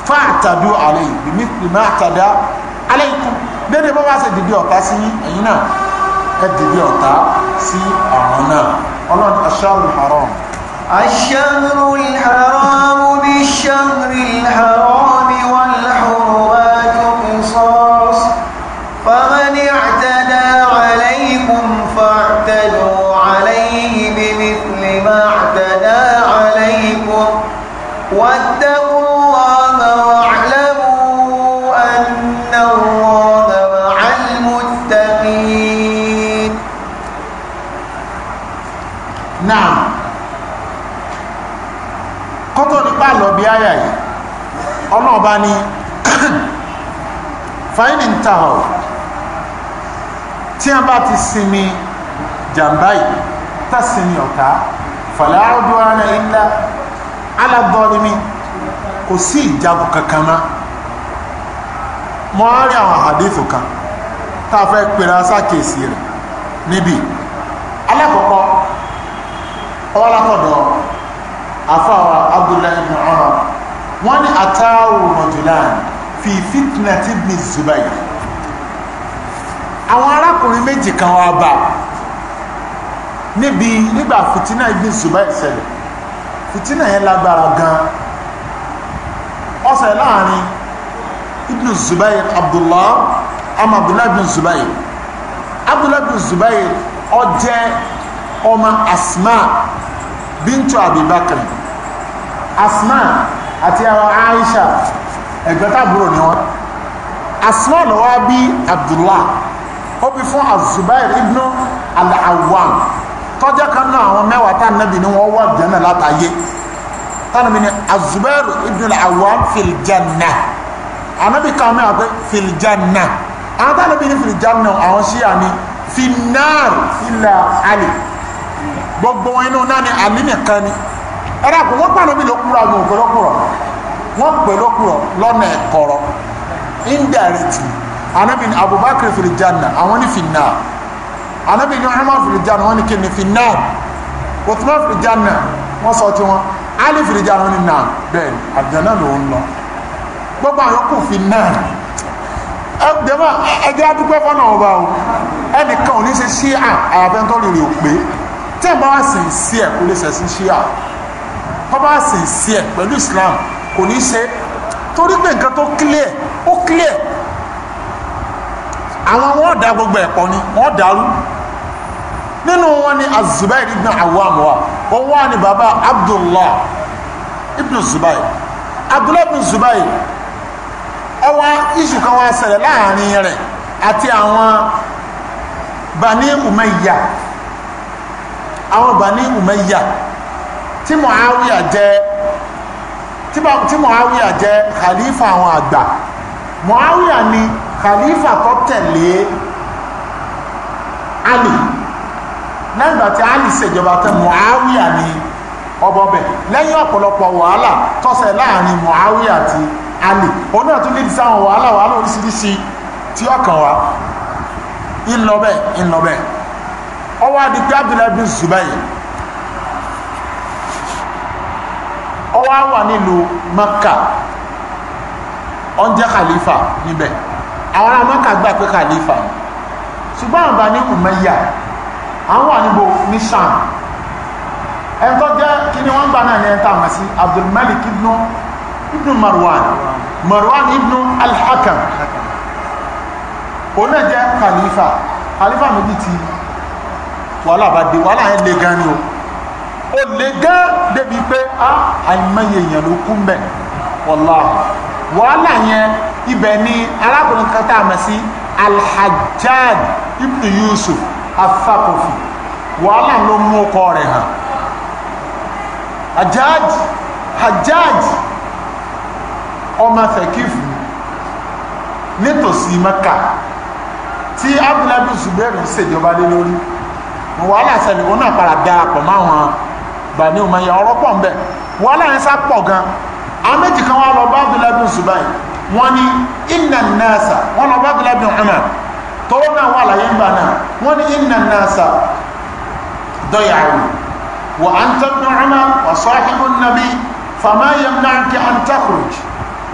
S2: fàtàdù alayhi mithli má àtàdà alaykum bẹ́ẹ̀ bá wá sí dìde ọ̀tá sí ẹ̀yìn náà ẹ dìde ọ̀tá sí ọ̀ràn náà ọlọ́run aṣáàrù
S1: haram. aṣáàrù haram bí ṣáàrù haram wàlúhùrù wá.
S2: ọba ní fine interval tí a bá ti sinmi jàmbá yìí tásìmí ọ̀tá fala udwana illa ala zalimin kò sí ìjagun kankan má mọ́ á rí àwọn àdéfò kan tá a fẹ́ pèrè asákèsí rẹ̀ níbi alákọ̀ọ́kọ́ ọwọ́ afáwa Abdullahi ibn wọ́n ní àtàwò rọ̀jùlán fi fitna ti bí zubair àwọn arákùnrin méjì kan wá bá níbi nígbà fitina ibi zubair ṣẹlẹ̀ fitina yẹn lágbára gan ọ̀sẹ̀ láàrin ibn zubair abdullah ama abdullah ibn zubair abdullah ibn zubair ó ọmọ asma bintu abibakar asma àti àwọn Aisha ẹ̀gbẹ́ tàbúrò ni wọ́n Asma ló wá bí Abdullah ó bí fún Azubair ibn al-Awwam tọ́jọ́ kan náà àwọn mẹ́wàá tá nàbì ni wọ́n wà jẹ́nà látàyé tánàbì ni Azubair ibn al-Awwam fil janna anabi kan mẹ́wàá pé fil àwọn tánàbì ni fil àwọn ṣíyà ni finnaar illa Ali gbogbo inú náà ni Ali nìkan ni ẹ̀rọ àpò wọ́n pàdé mi lókùrọ̀ àwọn òpè lókùrọ̀ wọ́n pè lókùrọ̀ lọ́nà ẹ̀kọ́rọ̀ indirectly anabi ni abubakar fil janna àwọn ní fi náà anabi ni ọmọ fil janna wọ́n ní kí ni fi náà Uthman fil janna wọ́n sọ tí wọ́n Ali fil janna wọ́n ní náà bẹ́ẹ̀ àjànà ló ń lọ gbogbo àwọn kò fi náà jẹmọ ẹjẹ adúgbò fọnà ọba o ẹnìkan ò ní ṣe ṣíà àyàfẹ́ńtọ́ lè rè ó pé tẹ́ẹ̀ bá wá sì ń sí ẹ̀ kó lè ṣẹ̀ sí ṣíà bàbá sèǹsì ẹ̀ pẹ̀lú islam kò ní ṣe torí pé nǹkan tó clear ó clear àwọn wọn da gbogbo ẹ̀pọ̀ ni wọ́n dàrú nínú wọn ni azubair ibn awam wa òun wà ní bàbá abdullah ibn zubair abdullah ibn zubair ọwọ́ iṣu kan wá ṣẹlẹ̀ láàrin rẹ̀ àti àwọn bani umayya àwọn bani umayya tí Muawiya jẹ́ tí Muawiya jẹ́ khalifa àwọn àgbà Muawiya ni khalifa tó tẹ̀lé Ali lẹ́yìn ìgbà tí Ali ṣèjọba tán Muawiya ni ọbọ̀bẹ̀ lẹ́yìn ọ̀pọ̀lọpọ̀ wàhálà tọ́sẹ̀ láàrin Muawiya àti Ali òun náà tún lè di sáwọn wàhálà wàhálà oríṣiríṣi tí ọkàn wa ńlọbẹ̀ ńlọbẹ̀ ọwọ́ adigun Abdullahi bin Zubair ọwọ́ wà nílùú Maka ó ń jẹ́ khalifa níbẹ̀ àwọn ará Maka gbà pé khalifa ṣùgbọ́n àwọn bá ní Umayya àwọn wà níbo ní Sham ẹni tó jẹ́ kí ni wọ́n gbà náà ní ẹni tá a mọ̀ sí Abdulmalik ibnu ibnu Marwan Marwan ibnu Al-Hakam òun náà jẹ́ khalifa khalifa méjì ti wàhálà bá dé wàhálà yẹn le gan ni o ó lè gán débi pé á ah, àìmọye èèyàn ló kú mbẹ wàláhì wàhálà yẹn ibẹ̀ ni arákùnrin kan tá a mọ̀ sí alhajjad ibn yusuf afakofi wàhálà ló mú ọkọ rẹ̀ hàn hajjaj hajjaj ọmọ fẹkífù nítòsí mẹ́kà tí abdullahi zubair ń ṣèjọba lé lórí wàhálà ṣẹlẹ̀ òun náà padà darapọ̀ máwọn bani umayya ọ̀rọ̀ pọ̀ nbẹ wọn láyé sá pọ̀ gan améjì kan wà lọ bá abdullahi bin zubair wọn ni inna nasa wọn lọ bá abdullahi bin umar tọwọ náà wà láyé ń bà náà wọn ni inna nasa dọyàwó wa anta bin umar wa sahibu nabi fama yamna'uka an takhruj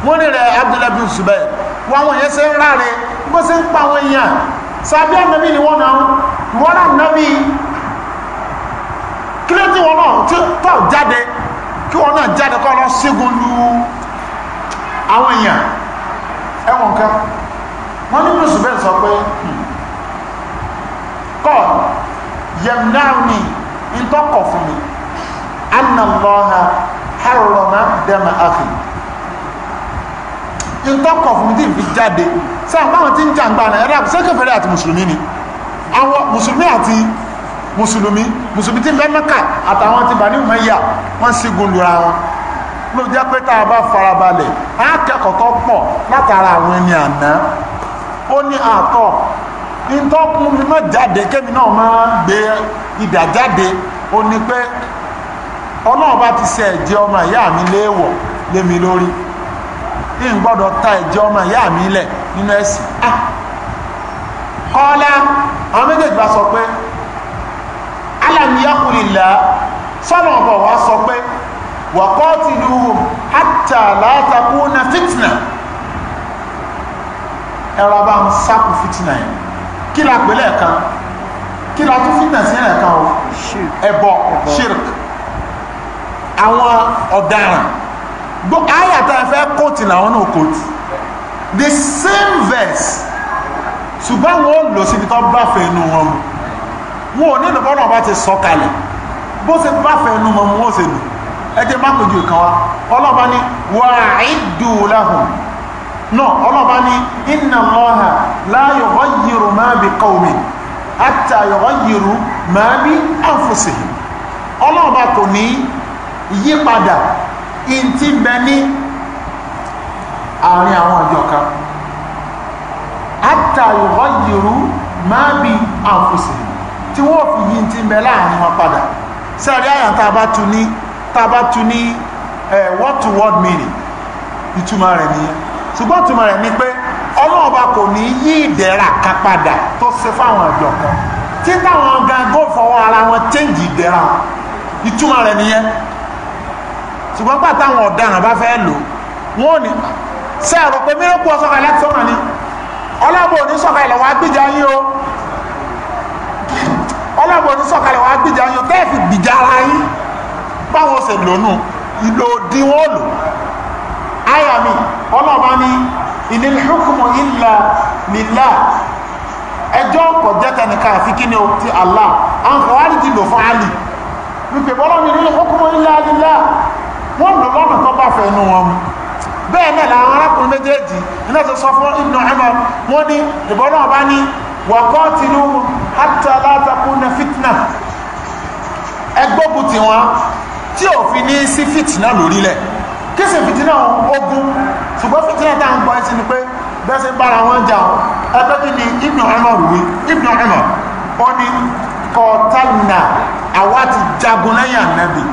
S2: wọn ni rẹ abdullahi bin zubair wọn àwọn yẹn sẹ ń ráre bó ṣe ń pa àwọn èèyàn sábẹ́ ànábì ni wọ́n náà wọ́n náà nábì kí ló tí wọn náà tó jáde kí wọn náà jáde kọ́ lọ ségun lu àwọn èèyàn ẹwọn kan wọn ní bruce bẹ́ẹ̀ sọ pé kọ́ yẹmnáàmì ntọ́kọ̀ fún mi annalọ́ha harrọ̀mà dẹ́mà áfì ntọ́kọ̀ fún mi tí n fi jáde sáà báwọn tí ń jàǹgbà náà ẹ̀rọ àbúsẹ́kẹ̀fẹ̀rẹ̀ àti mùsùlùmí ni àwọn mùsùlùmí àti mùsùlùmí mùsùlùmí tí mẹ́mẹ́kà àtàwọn ti bà ní ìmọ̀ẹ́yà wọ́n sígun lura wọn ló jẹ́ pé tá a bá farabalẹ̀ á kẹ́kọ̀ọ́ tó pọ̀ látara àwọn ẹni àná ó ní àtọ̀ nítọ́ mú mi má jáde kémi náà máa gbé ìdà jáde ó ní pé ọlọ́ọ̀bá ti ṣe ẹ̀jẹ̀ ọmọ ìyá mi léèwọ̀ lémi lórí ní gbọ́dọ̀ ta ẹ̀jẹ̀ ọmọ ìyá mi lẹ̀ nínú ẹ̀sìn ah! kọ́lá àwọn méjèèjì bá sọ pé alàmìyàkùnlélà sọ́nà ọ̀bọ̀ wa sọ pé waqatiluhum hatta la takuna fitna ẹ̀rọ bá ń sákù fitna yẹn kí la pè lẹ́ẹ̀kan kí la tún fitna sí ẹ̀ẹ̀kan o ẹ̀bọ shirk àwọn ọ̀daràn gbọ́ ayàtà ẹ̀fẹ́ kóòtù làwọn náà kóòtù the same verse ṣùgbọ́n wọn ò lò síbi tó bá fẹ́ inú wọn mu wọn ò ní ìlú bọ́lá ọba ti sọ kalẹ̀ bó ṣe bá fẹ́ nu mọ́ wọn ṣe lù ẹ jẹ́ má pèjú ìkan wa ọlọ́ba ni wa'iddu lahum náà ọlọ́ba ni inna Allaha la yughayyiru ma bi qawmin hatta yughayyiru ma bi anfusihim ọlọ́ba kò ní yípadà ìntì bẹ ní àárín àwọn àjọ kan hatta yughayyiru ma bi anfusihim tí wọ́n fi yí ti ń bẹ láàrin wọn padà sẹ́ẹ̀rí àyà tá a bá tu ní tá a bá tu ní word to word meaning ìtumọ̀ rẹ̀ nìyẹn ṣùgbọ́n ìtumọ̀ rẹ̀ ni pé ọlọ́run ọba kò ní yí ìdẹ̀ra kan padà tó ṣe fáwọn ọ̀dọ́ kan tí táwọn gangan fọwọ́ ara wọn change ìdẹ̀ra wọn ìtumọ̀ rẹ̀ nìyẹn ṣùgbọ́n pàtó àwọn ọ̀daràn bá fẹ́ lò wọ́n ní sẹ́ẹ̀rọ pé mírèkù ọ̀sọ̀kalẹ̀ ti sọ́kàn ni ọlọ́bù òní sọ̀kalẹ̀ wàá gbìjà yín o ọlọ́run ní sọ̀kalẹ̀ wàá gbìjà yín tẹ́ fi gbìjà ara yín báwọn ṣe lónú ìlò díwọ́n lò áyà mi ọlọ́ọ̀bá ní inil hukmu illa lillah ẹjọ́ kò jẹ́ tẹnìkan àfi kí ni o ti Allah àwọn wàá rí jìnnà fún Ali wípé bọ́lá mi inil hukmu illa lillah wọ́n lò lọ́nà tó bá fẹ́ nu wọn bẹ́ẹ̀ náà làwọn arákùnrin méjèèjì iná ti sọ fún Ibn Umar wọ́n ní ìbọn náà bá ní waqatiluhum hatta la takuna fitna
S1: ẹgbógun tí wọn
S2: tí ò fi ní sí fitna lórílẹ̀ kí sì fitna ogun ṣùgbọ́n fitna tá à ń gbọ́ ẹ sí ni pé bẹ́ẹ̀ sì bára wọn jà ọ́ ẹgbẹ́ kí ni ibnu Umar wí ibnu Umar ó ní kọtánà àwa ti jagun lẹ́yìn ànábì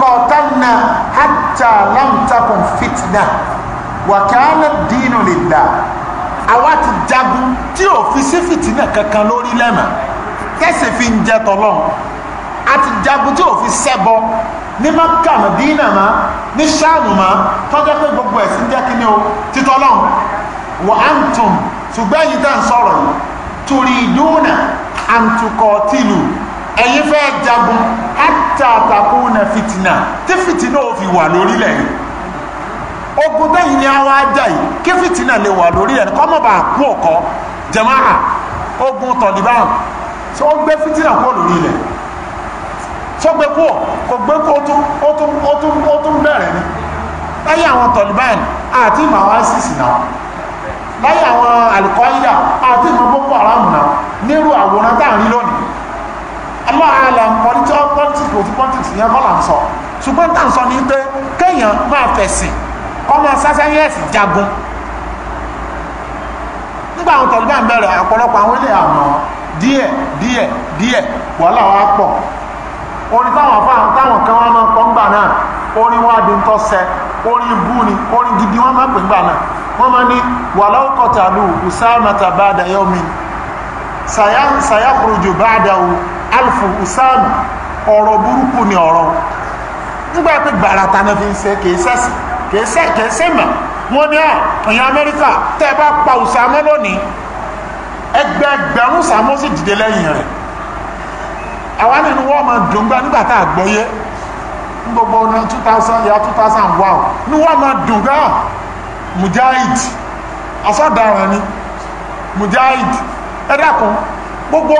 S2: kọtánà hatta lam fitna wa kana dinu lillah àwa ti jagun tí ò fi sí fìtínà kankan lórí lẹ́nà tẹ́sí fi ń jẹ tọ́lọ́n a ti jagun tí ò fi sẹ́bọ ní Mákà Mẹ́dínà má ní Ṣáàmù má tọ́jọ́ pé gbogbo ẹ̀sìn jẹ́ kí ni o títọ́lọ́n wa antum ṣùgbọ́n ẹ̀yin tá à ń sọ̀rọ̀ yìí torí ìdúnà àǹtukọ̀ tìlù ẹ̀yin fẹ́ jagun hatta takuna fìtínà tí fìtínà ò fi wà lórílẹ̀ yìí ogun tẹ́yìn ni àwọn ajá yìí kí fìtínà lè wà lórí ẹ̀ kọ́ mọ̀ bá kú ọ̀kọ́ jẹ̀máà ogun Taliban tí ó gbé fìtínà kú lórí ilẹ̀ tó gbé kú ọ̀ kò gbé kú ó tún bẹ̀rẹ̀ ni láyé àwọn Taliban àti ìmọ̀ àwọn ISIS náà láyé àwọn Al-Qaeda àti ìmọ̀ Boko Haram náà nírú àwòrán tá à ń rí lónìí aláàlá politics politics politics yẹn kọ́ là ń sọ ṣùgbọ́n tá à ń sọ ní pé kéèyàn máa fẹ̀sìn ọmọ sásáyẹ́sì jagun nígbà àwọn Taliban bẹ̀rẹ̀ ọ̀pọ̀lọpọ̀ àwọn ilé àmọ́ díẹ̀ díẹ̀ díẹ̀ wàhálà wa pọ̀ orin táwọn afáwọn táwọn kan wọn máa ń kọ́ ńgbà náà orin wa di ń tọ́ sẹ orin bú ni orin gidi wọn máa ń pè ńgbà náà wọn máa ní walau qatalu usamata ba'da yawmin sayakhruju ba'dahu alfu usama ọ̀rọ̀ burúkú ni ọ̀rọ̀ nígbà pé gbàràtà náà fi ń ṣe kì í sẹ́sìn kèésè wọ́n ni à èèyàn amẹ́ríkà ẹ bá pa òsàmọ́ lónìí ẹgbẹẹgbẹ̀rún sàmọ́ sì dìde lẹ́yìn rẹ àwa nínú máa dùn gbá nígbà ní gbogbo 2000 ya 2000 wọ́n máa dùn gbá mujahid ni mujahid gbogbo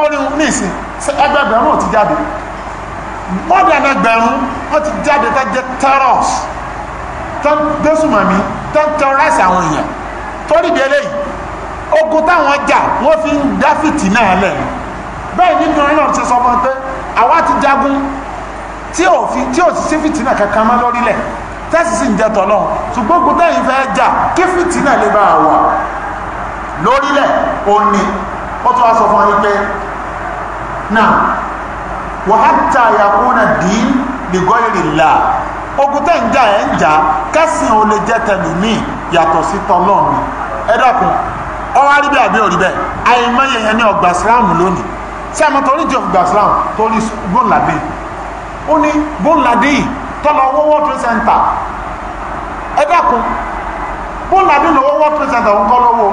S2: jáde jáde tán dẹ́sùmọ̀mí tán tẹ́rọ̀láìsì àwọn èèyàn torí bí eléyìí ogun táwọn jà wọ́n fi ń dá fìtínà lẹ̀ bẹ́ẹ̀ nínú ọ̀rọ̀ ti sọ fún pé àwa ti jagun tí ò fi tí ò sì sí fìtínà kankan mọ́ lórílẹ̀ tẹ́sì sì ń jẹ tọ̀ náà ṣùgbọ́n ogun tẹ́yìn fẹ́ jà kí fìtínà lè bá wà lórílẹ̀ òní ó tún wá sọ fún ayé pé náà wàhátà na dín lè gọ́ ìrìnlá ogun tẹ́ ń jà ẹ̀ ń jà kẹ́sìn ò lè jẹ́ tẹlùmíì yàtọ̀ sí tọlọ́ọ̀nù ẹ dákun ọwọ́ rí bẹ́ẹ̀ àbí òrí bẹ́ẹ̀ àìmọye yẹn ní ọgbà síláàmù lónìí sí àmọ́ torí jẹ́ ọgbà síláàmù torí gbóńladé ó ní gbóńladé yìí tọ́lọ owó world trade center ẹ dákun gbóńladé lọ́wọ́ world trade center ń kọ́ lọ́wọ́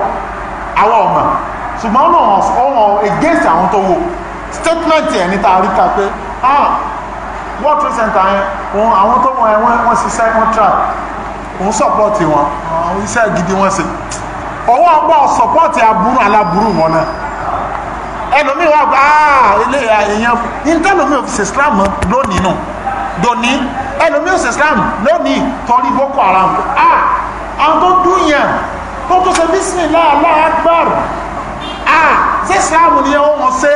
S2: àwọn ọ̀mà ṣùgbọ́n ọ̀nà ọ̀hún against àwọn tó wo statement ẹ̀ níta ríta pé ah world trade center yẹn òun àwọn tó mọ̀ ẹ́ wọ́n ṣiṣẹ́ wọ́n try òun sọ̀pọ̀tì wọn àwọn iṣẹ́ gidi wọ́n ṣe ọwọ́ ọgbọ́ sọ̀pọ̀tì aburú aláburú wọn náà ẹlòmíì wà gbà áà ilé ah, èèyàn ìtẹ́lòmíì ò fi ṣe Islam lónìí nù dòní ẹlòmíì ò ṣe Islam lónìí torí Boko Haram áà ah, àwọn tó dún yẹn tó tó ṣe bísímìlá Allahu Akbar áà ah, ṣé Islam ni ẹ wọ́n ṣe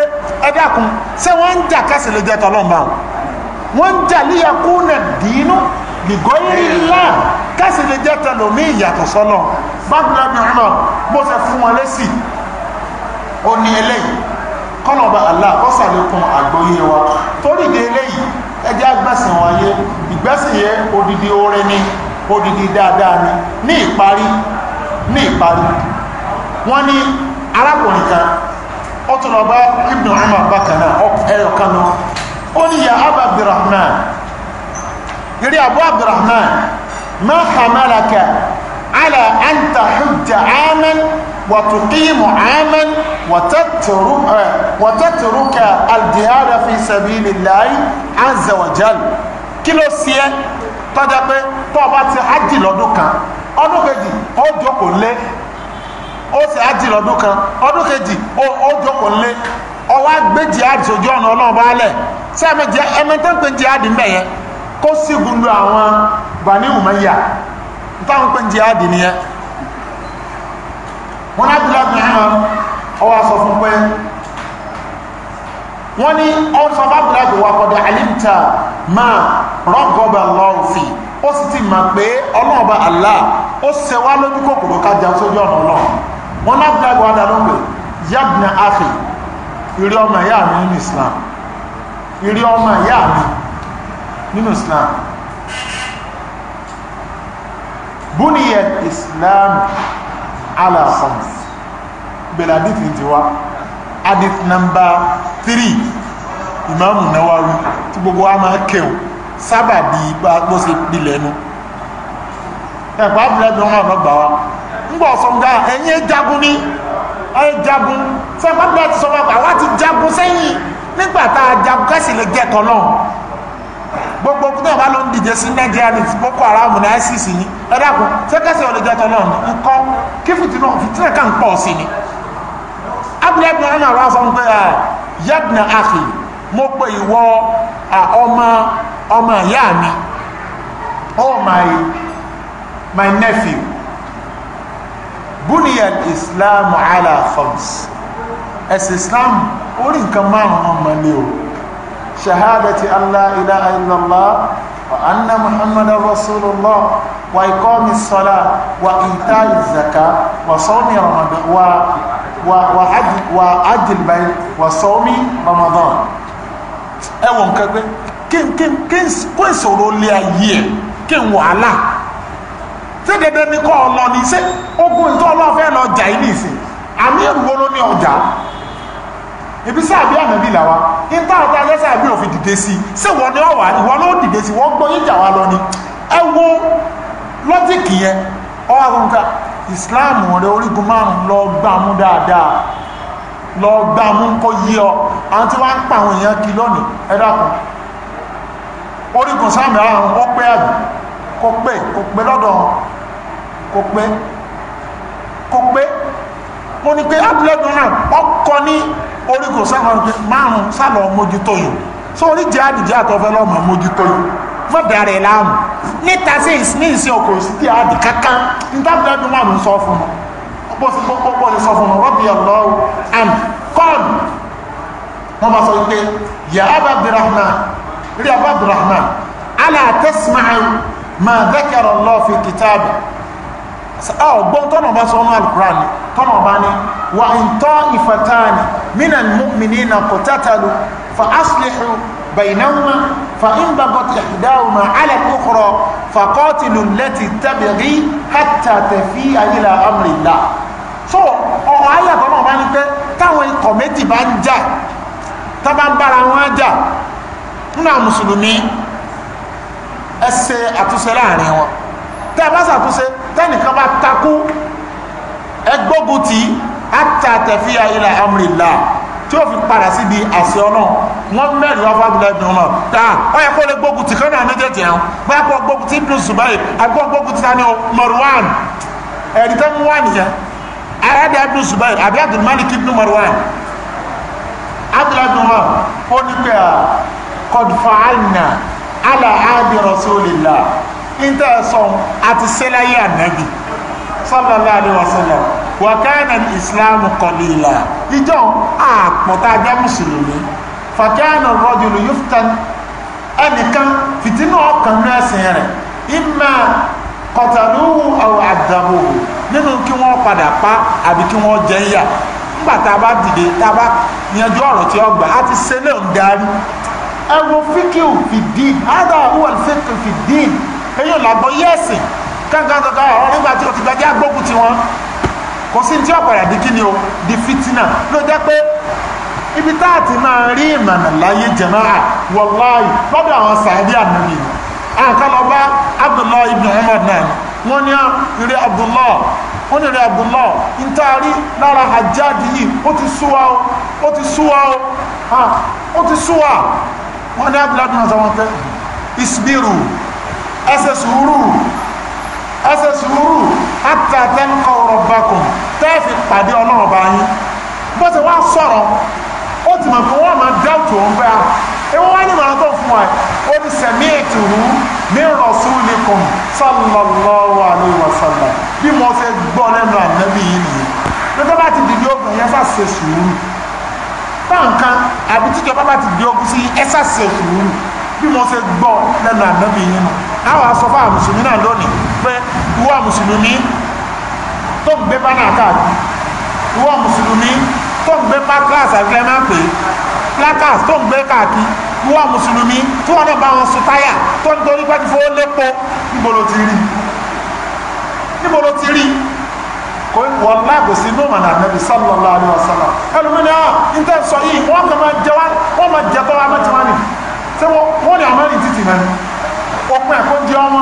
S2: ẹ dákun ṣé wọ́n ń jà kásìlẹ̀ jẹ́ tọ́lọ́mbà wọ́n ń jà líyà kúnà dínú gbìgọ́yìnlá kẹ́sì lè jẹ́ tẹ̀lọ ní ìyàtọ̀ sọ́lọ̀ bábúlábì ọ̀nà bó ṣe fún wọn lẹ́sì ó ní eléyìí kọ́nàbà Allah kó ṣàlékún àgbọ́yé wa torí de eléyìí ẹjẹ́ agbẹ́sìn wáyé ìgbẹ́sìn yẹ odidi oore ni odidi dáadáa ni ní ìparí ní ìparí wọ́n ní arákùnrin kan ó tún lọ bá Ibn Umar bákan náà ẹ̀yọ̀ kan náà ó ní ya abu abdurrahman yìí abu abdurrahman ma hamalaka ala an tahujja aman wa tuqimu aman wa tatruka wa tatruka al-jihad fi sabilillahi azza wa jalla kí ló sí ẹ́ tọ́jà pé tó o bá ti hajj lọ́dún kan ọdún kejì ó jókòó lé ó sì hajj lọ́dún kan ọdún kejì ó jókòó lé ó wá gbé ọ̀nà ọlọ́run lẹ̀ sẹ́mi jẹ́ ẹ̀mẹ́ntẹ́npẹ́ jihadi ń bẹ̀ yẹn kó sígun lu àwọn Bani Umayya táwọn pẹ́ jihadi nìyẹn wọn á bìlá bìlá sọ fún pé wọ́n ní ọ̀sán bá bìlá alimta máa rọ́gọ́bà lọ́ọ̀fì ó sì ti mà pé ọlọ́ọ̀bà Allah ó ṣe lójú kòkòrò kájà sójú ọ̀nà náà wọn á bìlá bìlá dànù pé yabna afi ìrí ọmọ mi ní Islam ìrí ọmọ ìyá mi nínú islam buniyat islam ala khams bẹ̀rẹ̀ àdìtì ti wá àdìtì nàmbà 3 ìmáàmù Nawawi tí gbogbo a máa kẹwò sábà bí bá gbọ́ sí pilẹ̀ nu ẹ̀pọ̀ abúlẹ́bìn wọn ọ̀nà gbà wá ń gbọ́ ọ̀sọ̀ǹgá ah, ẹ̀yìn jagun ní ẹ̀ jagun sẹ́pàbílẹ̀ ti sọ wọn jagun sẹ́yìn nígbà tá a jagun kẹ́sì lè jẹ́ tọ́lọ́ gbogbo kí náà bá ló ń dìje sí nàìjíríà ní boko haram ní isis ní ẹ̀dàkùn ṣé kẹ́sì ọ̀lẹ́ jẹ́ tọ́lọ́ ní nǹkan kí fìtínà fìtínà kà ń pọ̀ sí ni abúlé bí wọn àwọn afọ pé ah, yabna akhi mo pe ìwọ ah, ọmọ ọmọ ìyá mi oh my my nephew buniyal islam ala khams ẹ̀sìn islam orí nǹkan márùn-ún ọmọ ilé o shahadati allah ilaha illallah wa anna muhammadan rasulullah wa iqami salah wa ita'i zaka wa sawmi ramadan wa wa wa ajl wa ajl bayt wa sawmi ramadan ẹ wọ nǹkan pé kí kí kí kó ìṣòro lé ayé ẹ kí n wàhálà ṣé dandan ni kọ́ ọ ní ṣé ogun ìtọ́ ọlọ́fẹ́ lọ jà yìí nìsín àmì ìrùwọ́ ló ní ọjà ibi sáàbí ànábì làwa ìtààtà alẹ́sàbí ò fi dìde sí síwọ ni ọwà ìwọ ló dìde sí wọ́n gbọ́ yíjà wa lọ ni ẹ wo lọ́tíkì yẹn ọwọ́ àkọ́kọ́ Islam rẹ orígun márùn-ún lọ gbàmú dáadáa lọ gbàmú kó yí ọ àwọn tí wọ́n ń pa àwọn èèyàn kí lónìí ẹ dákun orígun sáàmì àwọn ó pé àbí kó pé kó pé lọ́dọ̀ kó pé kó mo ní pé abúlé náà ọkọ ní orí kò sáwọn pé márùn sálọ mójútó yìí so orí jẹ́ àdìjẹ́ àtọ́fẹ́ lọ́mọ mójútó yìí mọ̀dàrẹ̀ láàmù níta sí ní ìsìn ọkọ̀ sí ti àdì kankan nítàbílẹ́dún márùn sọ fún wọn ọ̀pọ̀ sí pọ́pọ́ sí sọ fún wọn rọ́bì ọ̀lọ́wọ́ and kọ́ọ̀lù wọ́n bá sọ pé yà ábà abdulrahman rí ábà abdulrahman ala tasma'u ma dhakara Allah fi kitabi ọgbọ́n tọ́nà bá sọ ọ́nà alukurani tọ́nà bá ní wà ń tọ́ ìfàtánì من المؤمنين قتتلوا فأصلحوا بينهما فإن بغت إحداهما على الأخرى فقاتلوا التي تبغي حتى تفيء إلى أمر الله so ọ̀rọ̀ ayàtọ̀ náà bá ní pé táwọn ikọ̀ méjì bá ń jà tá bá ń bára wọn jà nínú mùsùlùmí ẹ àtúnṣe láàrin wọn tẹ́ ẹ bá ṣàtúnṣe tẹ́nìkan bá takú ẹ gbógun hatta tafiya ila amrillah tí ó fi padà síbi àṣẹ ọlọ́run wọ́n mẹ́rin wá fábùlà ibn Umar tá ọ ah, yẹ kó lè gbógun tì kánà méjèèjì hàn bá kó gbógun tì Ibn Zubayr àgbó gbógun tì tani Marwan ẹ̀rí tó ń wá nìyẹn ayáda Ibn Zubayr àbí Abdul Malik ibn Marwan Abdullah ibn ó ní pé ah, qad fa'alna ala ahdi rasulillah níta ẹ̀sán àti sẹ́láyé ànábì sallallahu alaihi wasallam wàkánà ìsìláàmù kọlìlà ìjọ àpọ̀tá ajá mùsùlùmí fàkánà rọ́jùlù yuftan ẹnìkan fìtínà ọkàn ní ẹ̀sìn rẹ̀ ìmà kọtàlúhù àwọn àdàbò nínú kí wọ́n padà pa àbí kí wọ́n jẹ ìyà nígbà tá a bá dìde tá a bá yanjú ọ̀rọ̀ tí ó gbà á ti ṣe léòn darí ẹ wo fìdí ádà wọ́n fíkìú fìdí èyí ò làgbọ́ yẹ́sìn kankan kankan ọ̀rọ̀ nígbà tí o ti gbàjẹ́ àgbókù tiwọn kò sí tí ọ̀pàdà di kíni o di fitina ló jẹ́ pé ibi táà ti máa rí ìmọ̀nà láyé jẹ̀máà wọláì lọ́dọ̀ àwọn sàádé ànábì àkàlọ́bá Abdullah ibn Umar náà wọ́n ní ah, ìrẹ́ Abdullah wọ́n ní ìrẹ́ Abdullah ń taari lára àjáde yìí ó ti súwa o ó ti súwa o ó ti súwa wọ́n ní Abdullah ibn Umar sọ wọn pé isbiru ẹsẹ̀ sùúrù ẹsẹ̀ sùúrù àtàtẹ́kọ̀ rabbakum tẹ́ẹ̀fì pàdé ọlọ́run bá yín bó ti wá sọ̀rọ̀ ó ti mọ̀ pé wọ́n máa dáàtò ń bá ewu wá ní màá tó fún wa ó ní sami'tuhu min rasulikum sallallahu alaihi wasallam bí mo ṣe gbọ́ lẹ́nu ànábì yìí nìyẹn lọ́tọ́ bá ti dìde ogun yẹn ṣàṣe sùúrù báǹkan àbí tíjọba bá ti dìde ogun sí ẹ ṣàṣe sùúrù bí mo ṣe gbọ́ lẹ́nu ànábì yìí nù àwọn asọ́fà mùsùlùmí náà lónìí pé ìwọ mùsùlùmí tó ń gbé bánà káàkiri ìwọ mùsùlùmí tó ń gbé patras àgbẹ̀ máa pè é placards tó ń gbé káàkiri ìwọ mùsùlùmí tí wọ́n náà bá wọn sun táyà tó ń torí pé fowó lépo níbo ló ti rí níbo ló ti rí kò wọ́n láàgò sí inú mọ̀nà ànábì sallallahu alaihi wasallam ẹlòmínú náà ń ah, tẹ́ sọ yìí wọ́n kàn máa jẹ wá wọ́n máa jẹ tọ́ra mẹ́tìmánì tí wọ́n ní àmọ́rin títì náà ó pẹ́ kó ọmọ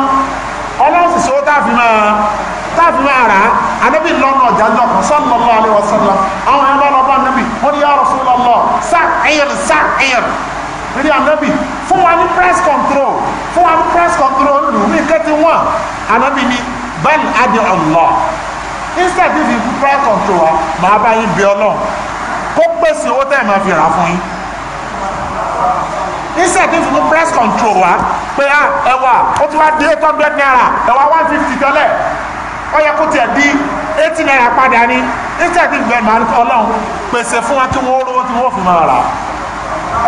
S2: sọ táàfin máa táàfin máa rà á anábì lọ́nà ọ̀jà ń dọ̀kan sallallahu alaihi wasallam àwọn ẹ̀ lọ́nà ọba anábì wọ́n ní ya Rasulullah sa'ir sa'ir rí anábì fún wa ní press control fún wa ní press control lù mí kẹ́tí wọ́n anábì ní bal adé ọ̀lọ́ instead if you press control wa màá bá yín bí ọlọ́run kó pèsè owó tẹ́ ẹ̀ máa fi rà fún yín instead kí n fi press control wa pé a, ah, ẹwà ó ti wá di eight hundred naira ẹwà one fifty tẹ́lẹ̀ ó yẹ kó tiẹ̀ di eighty naira padà ni instead kí n gbẹ màá ọlọ́run pèsè fún wa kí wọ́n rówó kí wọ́n fi máa rà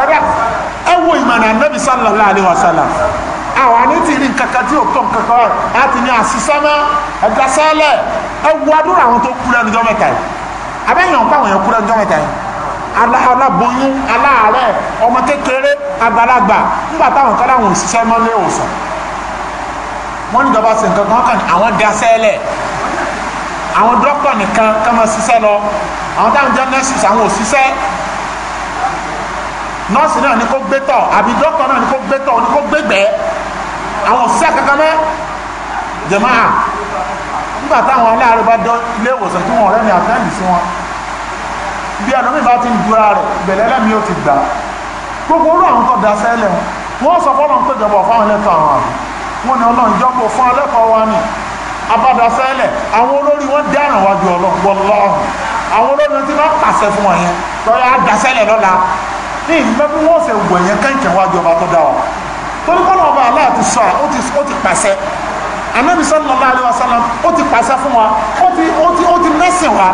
S2: ẹ̀rọ ẹ wo ìmọ̀nà Ànábì sallallahu alaihi wasallam àwọn àní ti rí nǹkan kan tí ò tó nǹkan kan láti ní àṣìṣẹ́mọ́ ẹ̀dá sálẹ̀ ẹ wo àdúrà àwọn tó kú lẹ́nu jọ́ mẹ́ta yìí abẹ́yẹn ò pa àwọn èèyàn kú lẹ́nu jọ́ yìí aláboyún aláàárẹ̀ ọmọ kékeré àgbàlagbà nígbà táwọn kan láwọn òṣìṣẹ́ mọ́ lé òsàn wọ́n ní ìjọba sí nǹkan kan àwọn dasẹ́lẹ̀ àwọn dókítà nìkan kán máa ṣiṣẹ́ lọ àwọn táwọn jẹ́ nurses àwọn òṣìṣẹ́ nọ́ọ̀sì náà ni kó gbé tọ̀ àbí dókítà náà ni kó gbé tọ̀ ni kó gbégbẹ́ àwọn òṣìṣẹ́ kankan mọ́ jẹ̀máà nígbà táwọn aláàárẹ̀ bá dọ́ ilé ìwòsàn tí wọ́n rẹ́ ní àtẹ́ǹdì sí wọn bí ẹlòmí bá ti ń dúra rẹ̀ bẹ̀lẹ́ lẹ́mi ó ti gbà gbogbo orú àwọn tó daṣẹ́ lẹ̀ wọ́n sọ fọ́lọ́n tó jọba fáwọn ẹlẹ́tọ̀ àwọn àbí wọ́n ní ọlọ́run jọ́pọ̀ fún ẹlẹ́kọ̀ọ́ wa ni abádaṣẹ́ lẹ̀ àwọn olórí wọn dáràn wájú ọlọ́run àwọn olórí wọn ti bá pàṣẹ fún wọn yẹn lọ́yà daṣẹ́ lẹ̀ lọ́la ní ìgbẹ́ bí wọ́n ṣe wọ̀ yẹn kẹ́ǹkẹ́ wájú ọba tó dá wa torí kọ́nà ọba aláà ti sọ ó ti pàṣẹ anábì sallallahu alaihi wasallam ó ti pàṣẹ fún wa ó ti nẹ́sìn wa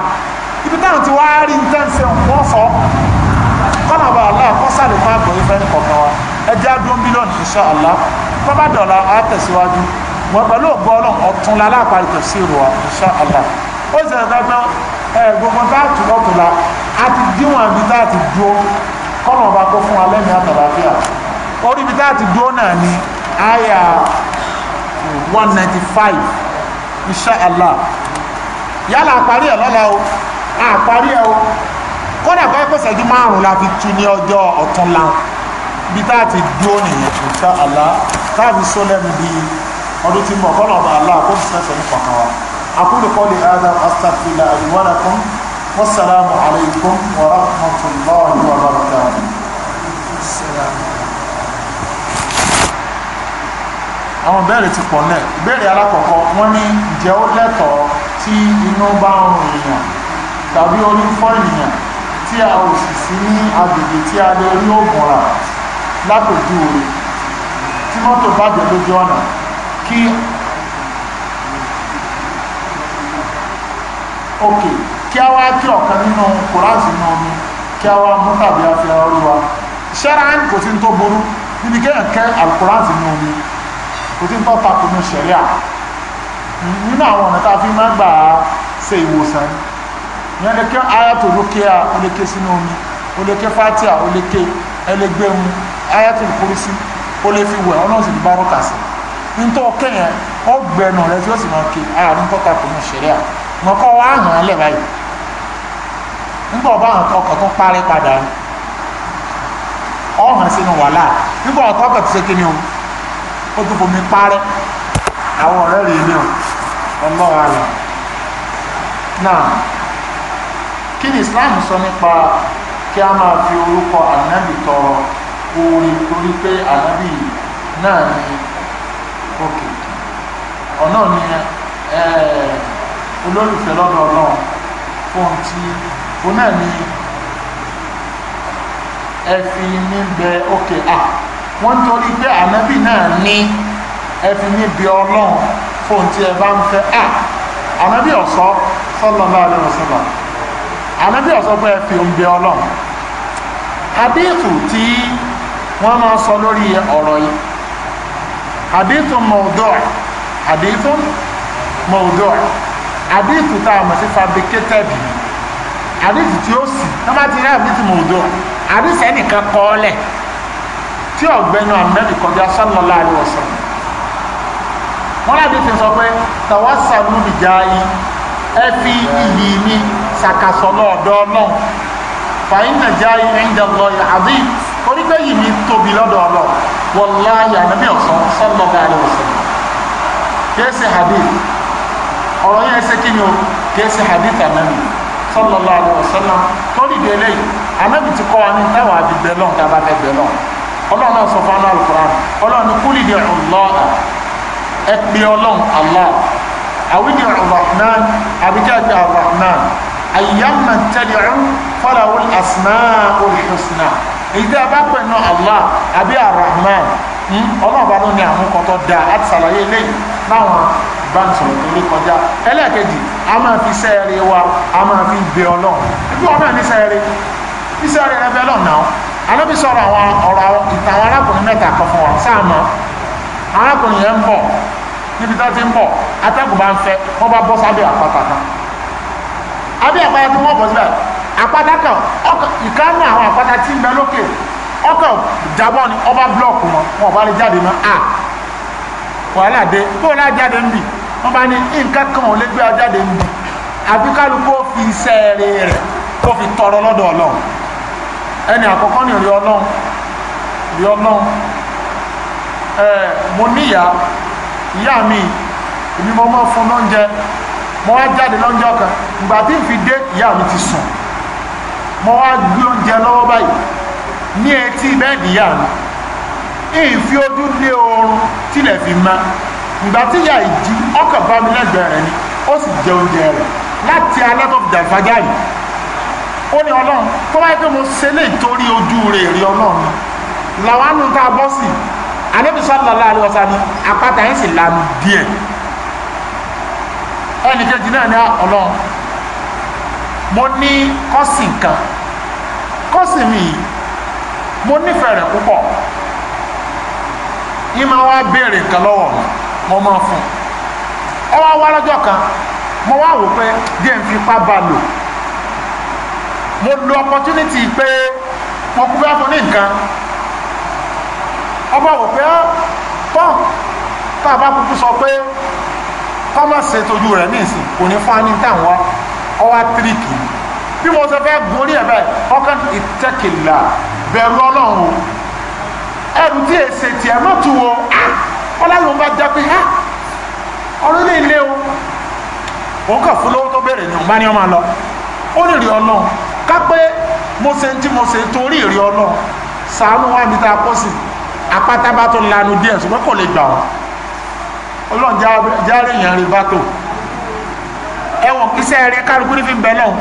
S2: ibi táwọn ti wá rí tẹ́ǹsì wọ́n sọ kọ́nà bá aláà kọ́ sàlè fún àgbọ̀yé fẹ́ kọ̀ọ̀kan wa ẹjẹ́ àdó mílíọ̀nù insha Allah tó bá dọ̀la á tẹ̀síwájú wọn pẹ̀lú ògbọ́ ọlọ́run ọ̀tún la láàparí tafsir wa insha Allah ó sì ẹ̀dọ́gbọ́n ẹ̀ gbogbo tá a tù lọ́tù la a ti díwọ̀n ibi tá a ti dúró kọ́nà ọba kó fún wa lẹ́mìí àtàlàfíà orí ibi tá a ti dúró náà ni àyà 195 insha Allah yálà àparí ẹ̀ lọ́la o àparí ẹ̀ o bá pẹ́ ìṣẹ́jú márùn-ún la fi tu ní ọjọ́ ọ̀tún láwọn bí tá ti dúró nìyẹn insha Allah táàbí só lẹ́nu bí ọdún tí mọ̀ kọ́nà ọba Allah kó sì fẹ́ fọkàn wa aqulu qawli hadha astaghfirullah li wa lakum wassalamu alaykum wa rahmatullahi wa barakatuh àwọn ìbéèrè ti pọ̀ náà ìbéèrè alákọ̀ọ́kọ́ wọ́n ní ǹjẹ́ lẹ́tọ̀ọ́ tí inú bá ń rùn èèyàn tàbí orí fọ́ ènìyàn tí a ò sì sí ní agbègbè tí a lè rí oògùn rà lápòjú rẹ̀ tí mọ́tò bàjẹ́ lójú ọ̀nà kí òkè kí a wá kí ọ̀kan nínú kòláàsì náà ni kí a wá mú tàbí àfihàn orí wa ṣẹ́rán kò sí tó burú níbi kéèyàn kẹ́ alukóláàsì náà ni kò sí tó takùnú ṣẹ̀ríà nínú àwọn ọ̀nà tá a fi máa gbà ṣe ìwòsàn ni yẹn lè ké ayatul rukia ó lè ké sínú omi ó lè ké fatia ó lè ké ẹlẹgbẹ́ mu ayatul kursi ó lè fi wẹ̀ ọlọ́run sì ní bá rọ́kà sí nítorí kẹ́yìn ọgbẹ́nu rẹ tí ó sì máa ké àárín tọ́ta kò ní ṣẹ̀ríà wọn kọ́ wá hàn án lẹ̀ báyìí nígbà ọba àwọn ọkọ̀ tó parí padà ọ̀hàn sínú wàhálà nígbà ọkọ̀ ọkọ̀ tó ṣe kí ni o ó tó fomi parí àwọn ọ̀rẹ́ rèé ni o ọlọ́run àlọ́ náà kí ni islam sọ nípa kí a máa fi orúkọ ànábì tọrọ orí torí pé ànábì náà ni òkè ọ̀nà ni olólùfẹ́ lọ́dọ̀ náà fún ti òun náà ni ẹ fi mí bẹ òkè à wọ́n torí pé ànábì náà ní ẹ fi mí bẹ ọlọ́run fún ti ẹ bá ń fẹ́ à ànábì ọ̀sọ́ sallallahu alaihi wasallam ànábì ọ̀sọ́ pé ẹ fi oúnjẹ ọlọ́run hadithu tí wọ́n máa sọ lórí ọ̀rọ̀ yìí hadithu mọ̀ọ́dọ̀ hadithu mọ̀ọ́dọ̀ hadithu tá a mọ̀ sí fabricated hadithu tí ó sì tá bá ti rí hadithu mọ̀ọ́dọ̀ hadithu ẹnìkan kọ́ ọ lẹ̀ tí ọ̀gbẹ́nu ànábì kọjá sallallahu alaihi wasallam wọ́n láti fi sọ pé tàwa sàlùbìjà yìí ẹ fi iyì mi sàkàsọ̀nà ọ̀dọ̀ ọlọ́run fàyín nàìjíríà yìí ń dẹ̀lọ àbí onígbẹ́ yìí ní tóbi lọ́dọ̀ ọlọ́run wọ́lá yànnàmí ọ̀sán sọ́lọ́gà rẹ̀ ọ̀sán kẹsì hadith ọ̀rọ̀ yẹn ṣe kí ni o kẹsì hadith ànábì sọ́lọ́gà rẹ̀ ọ̀sán náà torí ìdílé yìí ànábì ti kọ́ wa ní táwọn àbígbẹ́ lọ́n tá a bá fẹ́ gbẹ́ lọ́n ọlọ́run náà sọ fún anáà alukur'an ọlọ́run ní kúlìdì ọ̀lọ́ ẹ pé ọlọ́run allah àwídìí ọ̀rọ̀ rahman ayyamma tẹ́lẹ̀rún falahul asmaul husna èyí tẹ́ ẹ bá pè ní allah àbí arahman hmm, ọlọ́ọ̀bá ló ní àwọn kan tó da àti sàlàyé eléyìí láwọn bá ń sọ̀rọ̀ tó lé kọjá ẹlẹ́ẹ̀kejì a máa fi sẹ́ẹ̀rì wa a máa fi bẹ ọlọ́run bí wọn náà ní sẹ́ẹ̀rì ní sẹ́ẹ̀rì rẹ bẹ́ẹ̀ lọ́nà ó anábì sọ̀rọ̀ àwọn ọ̀rọ̀ ìtàn àwọn arákùnrin mẹ́ta kan fún wa sáàmù arákùnrin yẹn ń bọ̀ níbi tó ti ń bọ̀ atẹ́gùn bá ń fẹ́ wọ́n bá bọ́ sábẹ́ àpáta kan abẹ́ àpáta tí wọ́n bọ̀ síbẹ̀ àpáta kan ìkánú àwọn àpáta tí ń bẹ lókè ọkọ̀ jábọ́ ni ọba blọọkù mọ́ wọn bá lè jáde mọ́ à wàhálà dé bó lá jáde ń bì wọ́n bá ní nǹkan kan ò lè gbé ọ jáde ń bì àbí kálukú fi iṣẹ́ rẹ̀ kó fi tọrọ lọ́dọ̀ ọlọ́run ẹni àkọ́kọ́ ní ìrí ọlọ́run ìrí ọlọ́run ẹ mo níyà ìyá mi èmi mo mọ́ fún lóúnjẹ mo wá jáde lọ́jọ́ kan ìgbà tí n fi dé ìyá mi ti sùn mo wá gbé oúnjẹ lọ́wọ́ báyìí ní etí bẹ́ẹ̀dì ìyá mi ìfi ojú lé oorun tilẹ̀ fi ma ìgbà tí ìyá ìjì ọkàn bá mi lẹ́gbẹ̀ẹ́ rẹ̀ ni ó sì jẹ oúnjẹ rẹ̀ láti alẹ́ tó fi dàgbàjá yìí ó ní ọlọ́run tó bá yẹ pé mo ṣe lè torí ojú rẹ̀ rí ọlọ́run làwọn àánú tá a bọ́ sí ànábì sallallahu alaihi wasallam ni àpáta yẹn sì lanu díẹ̀ ẹnì kejì náà ní ọlọ́run mo ní kọ́sìn kan mi mo nífẹ̀ẹ́ rẹ̀ púpọ̀ máa wá béèrè nǹkan lọ́wọ́ mi mo máa fún un ọ wá wá kan mo wá wò pé díẹ̀ ń fipá bá lò mo lo opportunity pé mo kú fẹ́ fún ní nǹkan bá wò pé tán tá a bá kúkú sọ pé kọ́mọ̀sẹ̀ tójú rẹ̀ ní ìsìn kò ní fún ẹni táwọn ọwá tíríkì bí mo sọ fẹ́ gorí ẹ̀ báyìí ọkàn ìtẹ́kìlá bẹ̀rù ọlọ́run ẹrù tí èsè tiẹ̀ mọ́ tu wo ah! ọlọ́run bá jẹ́ pé ah! ọ̀rọ̀ ilé ilé o òun kàn fún lówó tó bẹ̀rẹ̀ ni òun bá ní ọmọ lọ ó lè rí ọlọ́run ká pé mo ṣe tí mo ṣe torí ìrí ọlọ́run sàánú wà níta kó sí apátábá tó lanu díẹ̀ ṣùgbọ́n kò lè gbà wọ́n ọlọ́run járe èèyàn rẹ̀ bá tó ẹwọ̀n iṣẹ́ rẹ̀ kálukú ní fi bẹ̀ lọ́n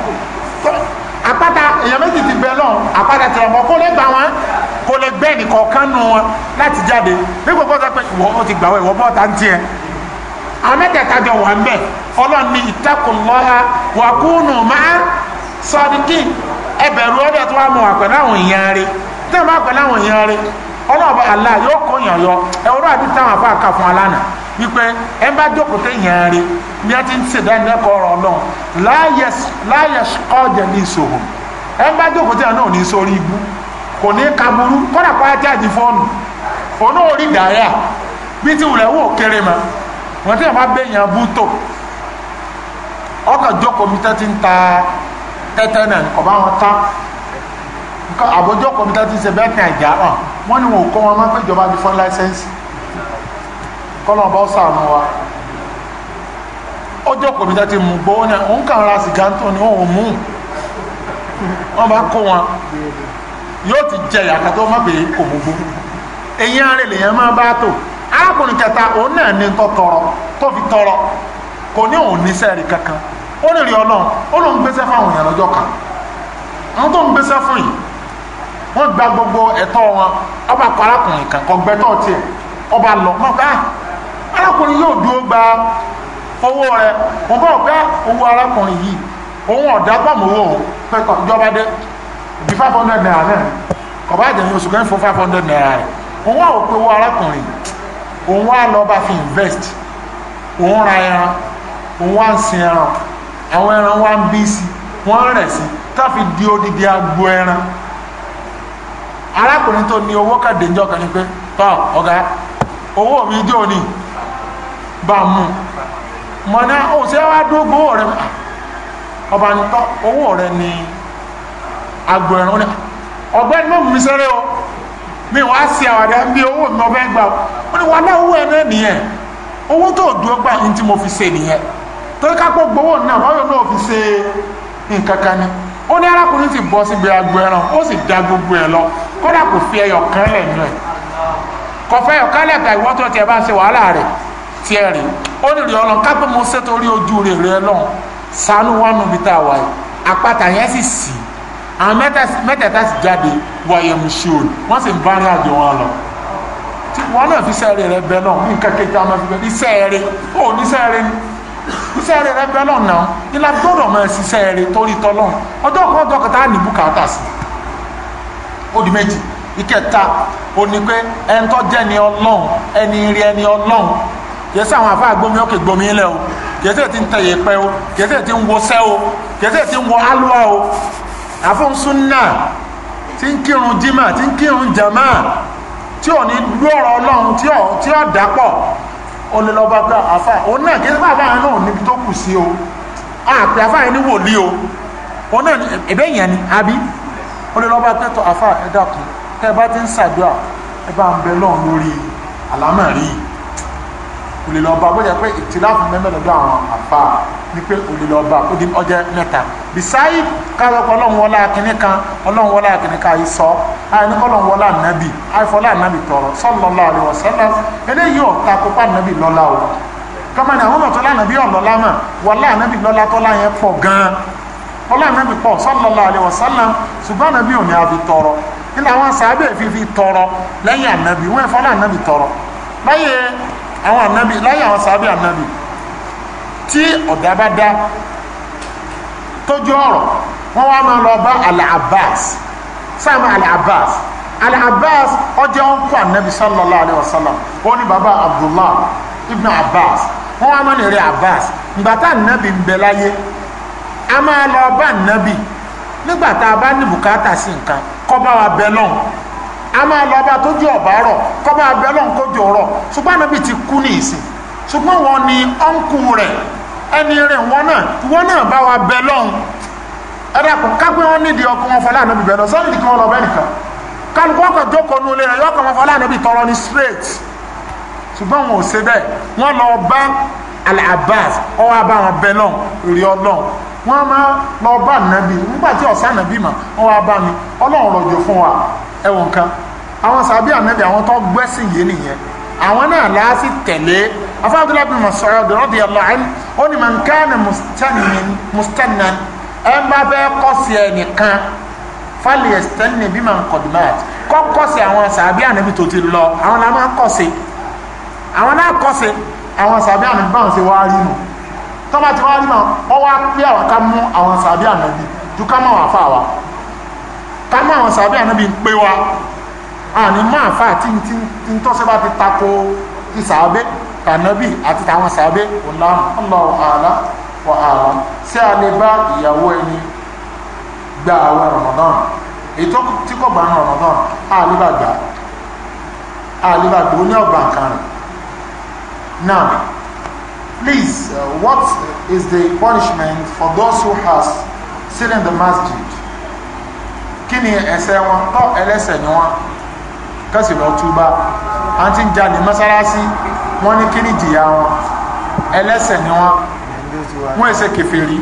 S2: àpáta èèyàn méjì ti bẹ̀ lọ́n àpáta ti rọ̀ mọ́ kó lè gbà wọn kó lè gbẹ́ nìkan kan nù wọn láti jáde bí gbogbo ọ̀sán pé ìwọ ti gbà wọ ìwọ bọ́ọ̀ta ń tiẹ̀ amẹ́tẹ̀ẹ̀ta jọ wà ń bẹ̀ ọlọ́run ní ìtakùnlọ́ha wà kúnnù máa sọ́díkì ẹbẹ̀rù ọdẹ tó wà mọ̀ wà pẹ̀lú àwọn èèyàn rẹ̀ tẹ́ ẹ bá pẹ̀lú àwọn èèyàn rẹ̀ ọlọ́ọ̀bá Allah yóò kó yàn yọ ẹ̀wọ́n àbí táwọn afá alánà wípé ẹ bá jókòó tẹ yàn rí bí a ti ń ṣèdá ẹnẹkọ ọ̀rọ̀ náà láyẹ kọjá ní ìṣòro ẹ bá jókòó tẹ náà ní sórí ibú kò ní kaburú kọ́nà pa jáde fọ́ọ̀nù òun ò rí dàáyà bí ti wùlẹ̀ wò kéré ma wọ́n ti yàn bá bẹ́ yàn bú tó ọkọ̀ jókòó mi tẹ́ ti ń ta tẹ́tẹ́ náà ọba wọn tán àbójọ́kọ̀ mi ti ń ṣe bẹ́ẹ̀ tẹ̀ ẹ̀já hàn wọ́n ní wọn ò kọ́ wọn máa ń pẹ́jọba bí fọ́n láísẹ́ǹsì a bá sàánú wa ó jókòó bí tẹ́tí mú gbó ní òun kàn ra sìgá tó ní òun mú wọ́n bá kó wọn ti jẹ ìyàkà tó má bèé kò gbogbo èyí arìn lèyàn máa bá tò arákùnrin kẹta òun náà ní tọrọ tó fi tọrọ kò ní òun ní sẹ́ẹ̀rì kankan ó lè rí ọlọ́run ó gbéṣẹ́ fáwọn èèyàn kan tó ń gbéṣẹ́ fún yìí gba gbogbo ẹ̀tọ́ wọn ọba kan tiẹ̀ arákùnrin yóò dúró gba owó rẹ̀ wọ́n bá ọ̀gá ah, owó arákùnrin yìí òun ọ̀dá pàmòwò pẹ̀kọ̀ ìjọba dé di five hundred naira náà kọ̀bá ìdẹ̀yìn oṣù kẹ́yìn fún five hundred naira rẹ̀ òun àwọn pé owó arákùnrin òun wá lọ bá fi invest òun ra ẹran òun wá ń sin ẹran àwọn ẹran wá ń bí sí wọ́n rẹ̀ sí káfi di odidi agbo ẹran arákùnrin tó ní owó kàdé ńjọ́ kan ní pé tọ́ ọ̀gá owó mi dé òní bá mú mọ̀nà òun sí ọ̀rẹ́ ọba ń tọ́ owó ọ̀rẹ́ ni agbo ẹ̀rọ ní ọ̀gbẹ́ni mọ̀ mi sẹ́rẹ́ o mi wá sí àwàdà bí owó mi ọbẹ̀ gbà ó ní wàhálà owó ẹ̀ náà nìyẹn owó tó dúró gbà ní tí mo fi ṣe nìyẹn torí ká pọ̀ gbowó náà wáyọ̀ náà fi ṣe nǹkan kan ni ó ní arákùnrin ti bọ́ síbi agbo ẹran ó sì da gbogbo ẹ̀ lọ kódà kò fi ẹyọ kan lẹ̀ nù ẹ̀ kọ̀fẹ́ ẹyọ kan lẹ̀ ka tó bá ṣe wàhálà rẹ̀ tí ẹ rìn ó lè rí ọlọ́run ká pé mo ṣe torí ojú rẹ̀ rẹ̀ lọ́n sanu wánu bí tá a wà yìí àpáta yẹn sì sì àwọn mẹ́tẹ̀ẹ̀ta sì jáde wáyé mùsùlùmí wọ́n sì ń bá rìn àjò wọn lọ tí wọn náà fi sẹ́ẹ̀rì rẹ bẹ náà nǹkan kejì àwọn ọmọ fi bẹ sẹ́ẹ̀rì ó ní sẹ́ẹ̀rì ni sẹ́ẹ̀rì rẹ bẹ náà náà ilà gbọ́dọ̀ máa ṣe sẹ́ẹ̀rì torí tọ́lọ́n ọjọ́ kan ọjọ́ kan tá a ní bùkátà sí ó di méjì ìkẹta ó ní pé ẹni jẹ́ ni ọlọ́run ẹni rí ẹni ọlọ́run kìí sẹ àwọn afa gbomi ọkẹ gbomi lẹ o kìí sẹ ti ń tẹ yẹpẹ o kìí sẹ ti ń wọ sẹ o kìí sẹ ti ń wọ alua o àfọ̀nsún náà ti ń kírun jimá ti ń kírun jama tí ò ní lọ́rọ̀ ọlọ́run tí ò tí ò dàpọ̀ ó lè lọ́ba gba àfa òun náà kìí sẹ fún àfa yẹn náà níbi tó kù sí o àpè àfa yẹn ní wòlíì o òun náà ẹ̀bẹ̀ yẹn ni àbí ó lè lọ́ba kẹtọ̀ àfa ẹ̀dá kan tẹ́ ẹ bá ti ń ṣàdúrà ẹ bá ń bẹ lọ́run lórí àlámà rí i kò lè lọ bá bó jẹ́ pé ìtìláàfù mẹ́mẹ́ lọ́dọ̀ àwọn àfa ni pé kò lè lọ bá ó di ọjẹ́ mẹ́ta bisayi kálọ̀kọ́ ọlọ́run wọlá kìnní kan ọlọ́run wọlá kìnní kan àìsọ àìníkọ́ ọlọ́run wọlá nàbì àìfọlá nàbì tọrọ sallallahu alaihi wasallam eléyìí ọ̀ta kópa nàbì lọ́la o kọ́mọ ni àwọn ọmọ tó lánàbí ọ̀lọ́lá mà wọlá nàbì lọ́la tọ́lá yẹn pọ̀ gan-an ọlá nàbì pọ̀ sallallahu alaihi wasallam ṣùgbọ́n nàbì ò ní a fi tọrọ nínú àwọn sàábẹ̀ fífi tọrọ lẹ́yìn àwọn anabi láyé àwọn sàábì ànábì tí ọ̀dà bá dá tójú ọ̀rọ̀ wọ́n wá máa lọ bá Al-Abbas sáàmù Al-Abbas Al-Abbas ọjọ́ ń kọ́ anabi sallallahu alayhi wa sallam ó ní bàbá Abdullah ibn Abbas wọ́n wá máa lè rí Abbas ìgbàtà ànábì ń bẹ láyé a máa lọ bá ànábì nígbàtà a bá ní bùkátà sí nǹkan kọ́ bá wa bẹ lọ́hùn a máa lọ bá tójú ọ̀bá rọ̀ kọ́ máa bẹ ọlọ́run kójú rọ̀ ṣùgbọ́n ànábì ti kú ní ìsìn ṣùgbọ́n wọn ni ọ̀nkù rẹ̀ ẹni rẹ̀ wọn náà wọn náà bá wa bẹ lọ́hùn ẹ̀dá kò kápẹ́ wọn nídìí ọkọ wọn fọlá ànábì bẹ lọ sọ́ọ́nì kí wọ́n lọ bẹ́ẹ̀ nìkan kálukú ọkọ̀ jókòó nulẹ̀ rẹ̀ yọkọ̀ wọn fọlá ànábì tọrọ ní straight ṣùgbọ́n wọn ò ṣe bẹ́ẹ̀ wọ́n lọ bá Al-Abbas abá wọn bẹ lọ́hùn rí ọlọ́hùn wọ́n máa lọ bá ànábì nígbà tí ọ̀sán ànábì mà ọwọ́ abá mi ọlọ́run rọ̀jò fún wa ẹ̀wọ̀n kan àwọn sàbí ànábì àwọn tó gbẹ́sìn yé nìyẹn àwọn náà láásì tẹ̀lé afáàdúrà bí Mas'ud radiyallahu anhu ó ní man kana mustannan ẹ bá fẹ́ kọ́sì ẹnìkan fálì ẹ̀sìtẹ́nì bí man kọ̀dùmáàtì kọ́ kọ́sì àwọn sàbí ànábì tó ti lọ àwọn náà máa kọ́sì àwọn náà kọ́sì àwọn sàbí ànábì báwọn ṣe wá rí nù tọ́ba ti wá rí náà wọ́n wá pé àwọn ká mú àwọn sàbí ànábì ju wà fáwa ká mú àwọn sàbí ànábì ń pé wa àní máa fà tí n tọ́sẹ́ bá ti tako ti sàábé tànàbí àti tàwọn sàábé Allahu a'la wa a'lam sí a lè bá ìyàwó ẹni gba àwọn Ramadan ètò tí kò gbà ní Ramadan àlébàgbà àlébàgbà ó ní ọgbà kan rẹ̀ now please uh, what is the punishment for those who has sit in the masjid kí ni ẹ̀ṣẹ̀ wọn tọ́ ẹlẹ́ṣẹ̀ ni wọn kásì lọ túbá a ti ń jalè mọ́sálásí wọ́n ní kí ni jìyà wọn ẹlẹ́sẹ̀ ni wọ́n wọ́n ẹsẹ̀ kèfèrí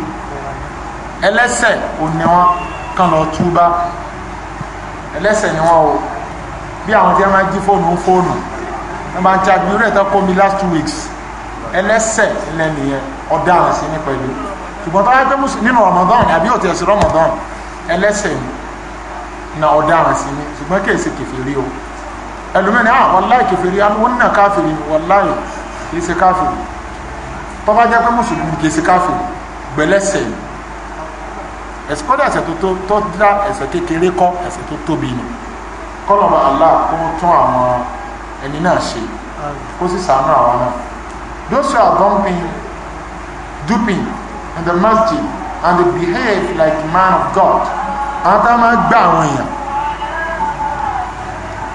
S2: ẹlẹ́sẹ̀ ò ní wọ́n lọ túbá ẹlẹ́sẹ̀ ni wọ́n o bí àwọn tí wọ́n máa jí fóònù fóònù wọ́n máa ń ti agbèrú ẹ̀ kó mi last two weeks ẹlẹ́sẹ̀ lẹ́nìyẹn ọ̀daràn sí ní pẹ̀lú ṣùgbọ́n tó wáyé pé nínú Ramadan àbí òtí ẹ̀sìn Ramadan ẹlẹ́sẹ̀ na ọ̀daràn sí ní ṣùgbọ́n kí èsì kèfèrí o ẹlòmíràn ah wàláì kẹfìrí wọn náà káfìrí wàláì kìí ṣe tó bá jẹ́ pé mùsùlùmí kìí ṣe káfìrí gbẹlẹ́sẹ̀ ẹ̀sìn tó tó dá ẹ̀sẹ̀ kékeré kọ́ ẹ̀sẹ̀ tó tóbi ni kọ́lọ̀mọ̀ Allah kó tún àwọn ẹni náà ṣe kó sì sàánú àwọn náà those who are bumping duping in the masjid and they behave like man of God àwọn tá máa gbá àwọn èèyàn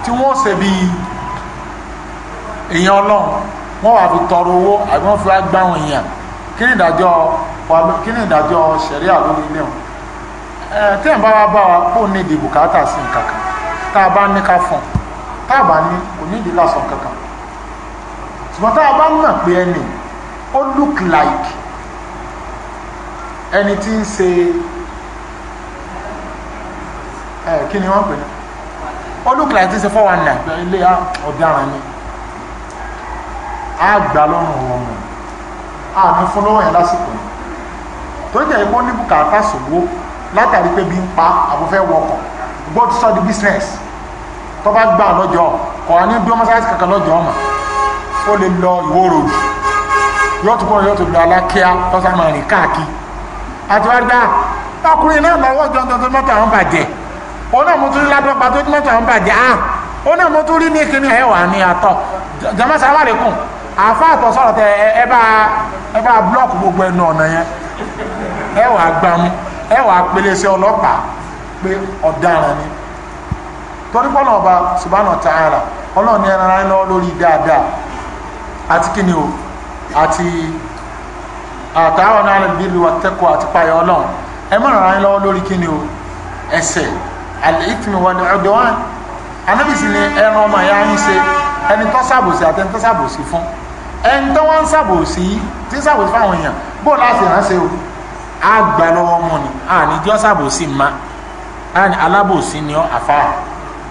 S2: tí wọ́n ṣe bí èèyàn ọlọ́run wọ́n wà fi tọrọ owó àbí wọ́n fi wá gbá àwọn èèyàn kí ni ìdájọ́ kí ni ìdájọ́ ṣẹ̀ríà lórí ilé wọn tẹ́ ń bá wa bá wa kó ní ìdí bùkátà sí nǹkan kan tá a bá ní ká fún tá a bá ní kò ní ìdí lásán kankan ṣùgbọ́n tá a bá mọ̀ pé ẹni ó look like ẹni tí ń ṣe kí ni wọ́n pè ní ó lókè láti ṣe fọ́ wọn nà ilé ọ̀daràn ni a gbà lọ́rùn wọn mọ̀ a ní fún lọ́wọ́ yẹn lásìkò yìí tó jẹ́ ìwọ ní bùkátà ṣòwò látàrí pé bí ń pa àbúfẹ́ wọkọ̀ gbọ́dọ̀ sọ di business tó bá gbà lọ́jọ́ kọ̀ á ní bí mọ́sáàsì kankan lọ́jọ́ ọmọ ó lè lọ ìwó ròdù yóò tún kúrò yóò tún lọ alákíá lọ́sàmọ̀rin káàkiri àti wá dá ah, ọkùnrin náà lọ́wọ́ jọjọ tó mọ́tò àwọn bàjẹ́ ona náà mo tún rí ládọ́gba tó mọ́tò àwọn bàjẹ́ á òun náà mo tún rí ní kíní ẹ̀ wà ní àtọ̀ jama sàmàlẹ́kùn àfa àtọ̀ sọ̀rọ̀ tẹ ẹ bá ẹ bá búlọ́ọ̀kù gbogbo ẹnu ọ̀nà yẹn ẹ wà gbàmú ẹ wà ni subhanahu ta'ala ara lọ lori dáadáa ati kíni o àti àtàwọn náà lè bí lu àtẹ́kọ̀ọ́ àti ara o al-ithmi wal-udwan anabi sì ni ẹran ọmọ ẹ̀yà yín ṣe ẹni tó ṣàbòsí àti ẹni tó ṣàbòsí fún ẹni tó wọ́n ń ṣàbòsí tí ń ṣàbòsí fáwọn èèyàn bó láti ránṣẹ́ o á gbà lọ́wọ́ mọ́ ni àníjọ́ ṣàbòsí ma àní alábòsí ni ọ́ àfa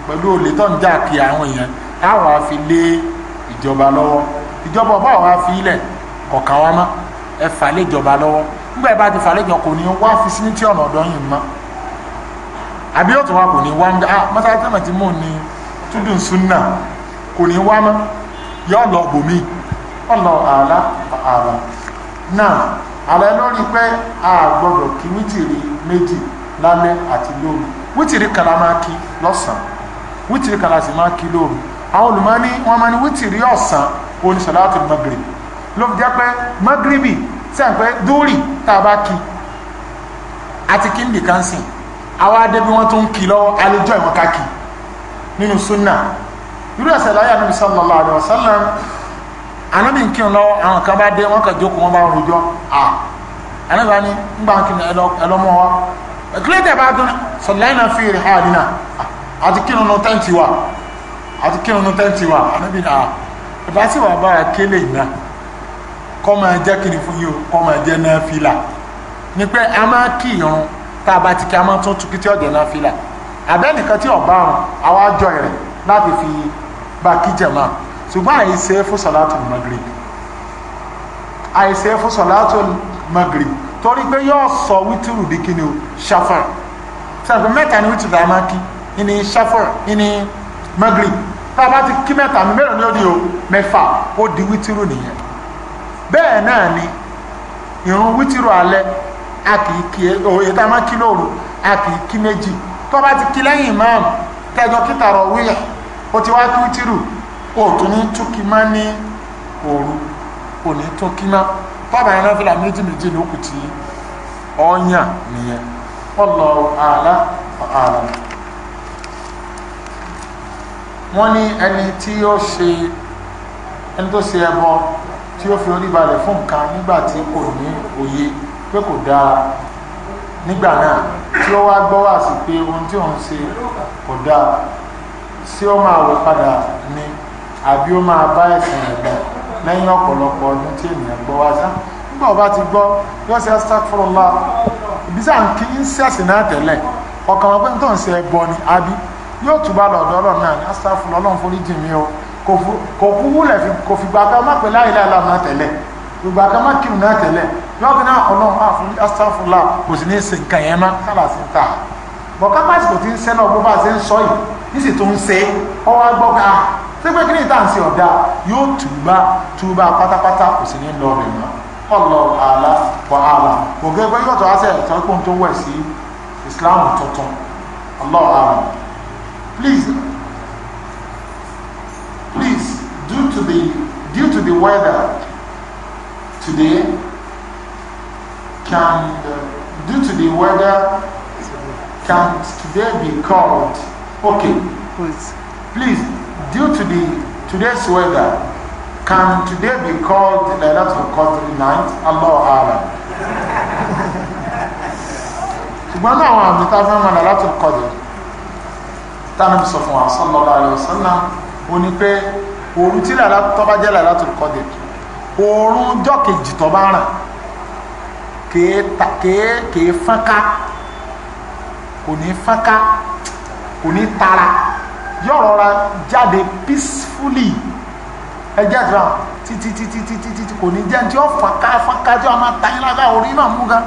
S2: pẹ̀lú olè tó ń jà kí àwọn èèyàn táwọn á fi lé ìjọba lọ́wọ́ ìjọba ọba wa fi ilẹ̀ kọ̀ọ̀kan wa mọ́ ẹ fà lé ìjọba lọ́wọ́ nígbà yẹn bá ti fà lé ìjọba kò ní wá fi sí tí ọ̀nà ọ̀dọ́ yìí mọ́ àbí ọ̀tún wa kò ní wá ń bẹ́ ah mọ́sálásí náà ti mú ní túdùn súnà kò ní wá mọ́ yọ lọ bòmí ọlọ àlá àrà náà àlẹ́ lórí pé a gbọ́dọ̀ kí wítìrì méjì lálẹ́ àti lóru wítìrì kala máa kí lọ́sàn-án wítìrì kala sì máa kí lóru àwọn olùmọ́ni wọ́n máa ní wítìrì ọ̀sán oníṣàlátì magrib ló fi jẹ́ pé magribi sẹ́ǹpẹ́ dúrì tá a bá kí àti kí nìkan sìn àwa débi wọn tún kì lọ́wọ́ alẹ́jọ́ ìwọ̀n káàkì nínú súnà irú ẹ̀sẹ̀ láyé ànábi sallallahu alaihi wasallam ànábi kí n lọ́wọ́ àwọn kan bá dé wọn kà jókòó wọn bá rojọ́ à ànábi wani ń gbà kí ẹlọ́mọ wa kílẹ̀tẹ̀ bá dún sọ̀lẹ́nà fi rí ha nínà àti kí nínú tẹ́ǹtì wa àti kí nínú tẹ́ǹtì wa ànábi à ìbá sì wà bára kélé ìná kọ́ máa jẹ́ kí ni fún yìí kọ́ máa jẹ́ náà fìlà ní pé a máa kí ìrun tá a bá ti kí a máa tún tukí tí ọ̀jẹ̀ náà fìlà àbẹ́nìkan tí ọ̀bá ọ̀run àwọn àjọ ìrìn láti fi bá kí jẹ̀mọ́ ṣùgbọ́n àìṣe fún sọ̀látù magrib àìṣe fún sọ̀látù magrib torí pé yóò sọ wítìrù di kí ni o ṣàfàr ṣàfù mẹ́ta ni wítìrù tá a máa kí ìní ṣàfàr ìní magrib tá a bá ti kí mẹ́ta mi mélòó ni ó di o mẹ́fà ó di wítìrù nìyẹn bẹ́ẹ̀ náà ni ìrun wítìrù alẹ́ a kì í kí òye tá a máa kí lóru a kì í kí méjì tó bá ti kí lẹ́yìn imam tẹ́jọ kí tarawih ó ti wá kí tìrù ó tún ní túkì má ní òru kò ní tún kí má tọ́ba yẹn lọ́fíìlà méjì méjì ló kù tí ọ̀yàn nìyẹn wallahu a'la wa a'lam wọ́n ní ẹni tí ó ṣe ẹni tó ṣe ẹbọ tí ó fi orí balẹ̀ fún nǹkan nígbà tí kò ní òye pé kò dáa nígbà náà tí ó wá gbọ́ wá sí pé ohun tí òun ṣe kò dáa sí ó máa wọ padà ni àbí ó máa bá ẹ̀sìn ẹ̀gbọ́n lẹ́yìn ọ̀pọ̀lọpọ̀ ọdún tí ènìyàn gbọ́ wá sá nígbà ọba ti gbọ́ yóò ṣe astaghfirullah ibi sáà ń kí ń ṣẹ̀sìn náà tẹ́lẹ̀ ọkàn wọn pé tó ń ṣe ẹbọ ni àbí yóò túbà lọ́dọ̀ ọlọ́run náà ní astaghfirullah ọlọ́run forí jì mí o kò kú wúlẹ̀ kan má pè láìláìlá náà tẹ́lẹ̀ ìgbà kan má kírun náà tẹ́lẹ̀ lọ́gbìn náà kọ́ náà àfún astafula kò sì ní í ṣe nǹkan yẹn má kálá sí ta bọ̀ kápásì kò ti ń sẹ́ náà bó bá ṣe ń sọ yìí níṣì tó ń ṣe ọwọ́ agbọ́gà sípé ah, kí ni ìta ń ṣe ọ̀dà yóò túbà túbà pátápátá kò sì ní lọ rẹ̀ mọ́ ọ̀lọ́ àlá wàhálà ògé pé yóò tó wá sẹ́ ìtọ́jú tó wẹ̀ sí Islam tuntun Allah alam please please due to the due to the weather today can, due to the weather, can today be called? Okay. Please. Please, due to the today's weather, can today be called Laylatul Qadr night? Allah Allah. ṣùgbọ́n náà àwọn àmì tábí wọn Laylatul Qadr tánàbí sọ fún wa sallallahu alaihi wasallam ó ní pé òru tí lẹ́lá tó bá jẹ́ Laylatul Qadr òórùn jọ́kejì tó bá ràn kèé ta kèé kèé fánká kò ní fánká kò ní tara yóò rọra jáde peacefully ẹjẹ tó a títí títí títí títí kò ní jẹ́ tí ó fánká fánká tí ó máa ta yín lára orí náà mú gan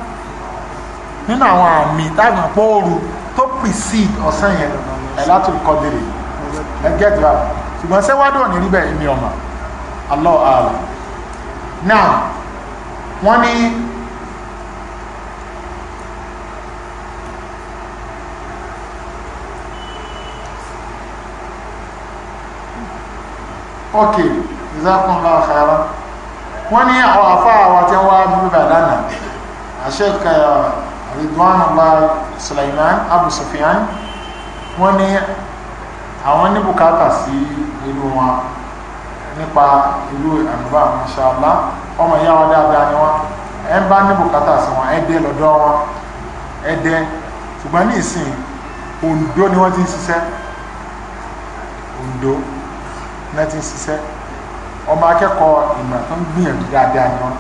S2: nínú àwọn àmì táwọn pọ́ọ̀rù tó precede ọ̀sán yẹn ẹ̀ láti kọ́ délé ẹjẹ tó a ṣùgbọ́n sẹ́wádìí ò ní rí bẹ́ẹ̀ mi ọ̀mà Allah ààrẹ náà wọ́n ní. ok jazakumullahu khairan wọ́n ní àwọn afá àwọn tí wọ́n bí bàbá lánàá àṣẹ́kà Ridwanullah Sulaiman Abu Sufyan wọ́n ní àwọn ní bùkátà sí ìlú wọn nípa ìlú ànúbà mọ́ṣáàlá ọmọ ìyá wọn dáadáa ni wọn ẹ ń bá ní bùkátà sí wọn ẹdẹ lọ́dọ̀ wọn ẹdẹ ṣùgbọ́n ní ìsìn Oǹdó ni wọ́n ti ń ṣiṣẹ́ Oǹdó náà ti ṣiṣẹ́ ọmọ akẹ́kọ̀ọ́ ìmọ̀ tó ń gbìyànjú dáadáa ni wọn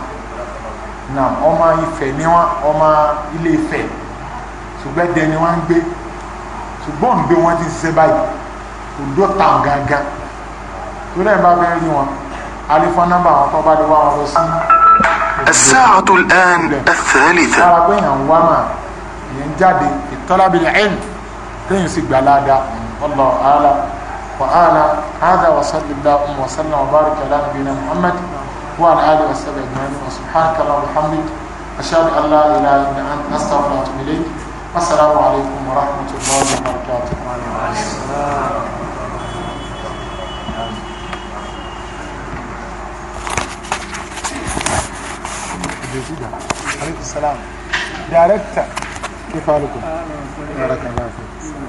S2: náà ọmọ Ifẹ̀ ni wọn ọmọ Ilé Ifẹ̀ ṣùgbọ́n ẹ̀dẹ̀ ni wọ́n gbé ṣùgbọ́n òǹdó wọn ti ṣiṣẹ́ báyìí òǹdó tàn gángan tó lẹ́yìn bá bẹ́ẹ̀ rí wọn alifọ́ nọ́mbà àwọn tó bá lè wọn lọ sí. الساعة الآن الثالثة. ara pé èèyàn wá mà èèyàn jáde ìtọ́lábìlì ẹ̀ tẹ́yìn sì gbà ọlọ́ọ̀ ààlà. وعلى هذا وصلى اللهم وسلم وبارك على نبينا محمد وعلى آله وصحبه أجمعين وسبحانك اللهم وبحمدك أشهد أن لا إله إلا أنت أستغفرك وأتوب إليك والسلام عليكم ورحمة الله وبركاته. وعليكم السلام. عليكم السلام كيف حالكم؟ بارك الله فيك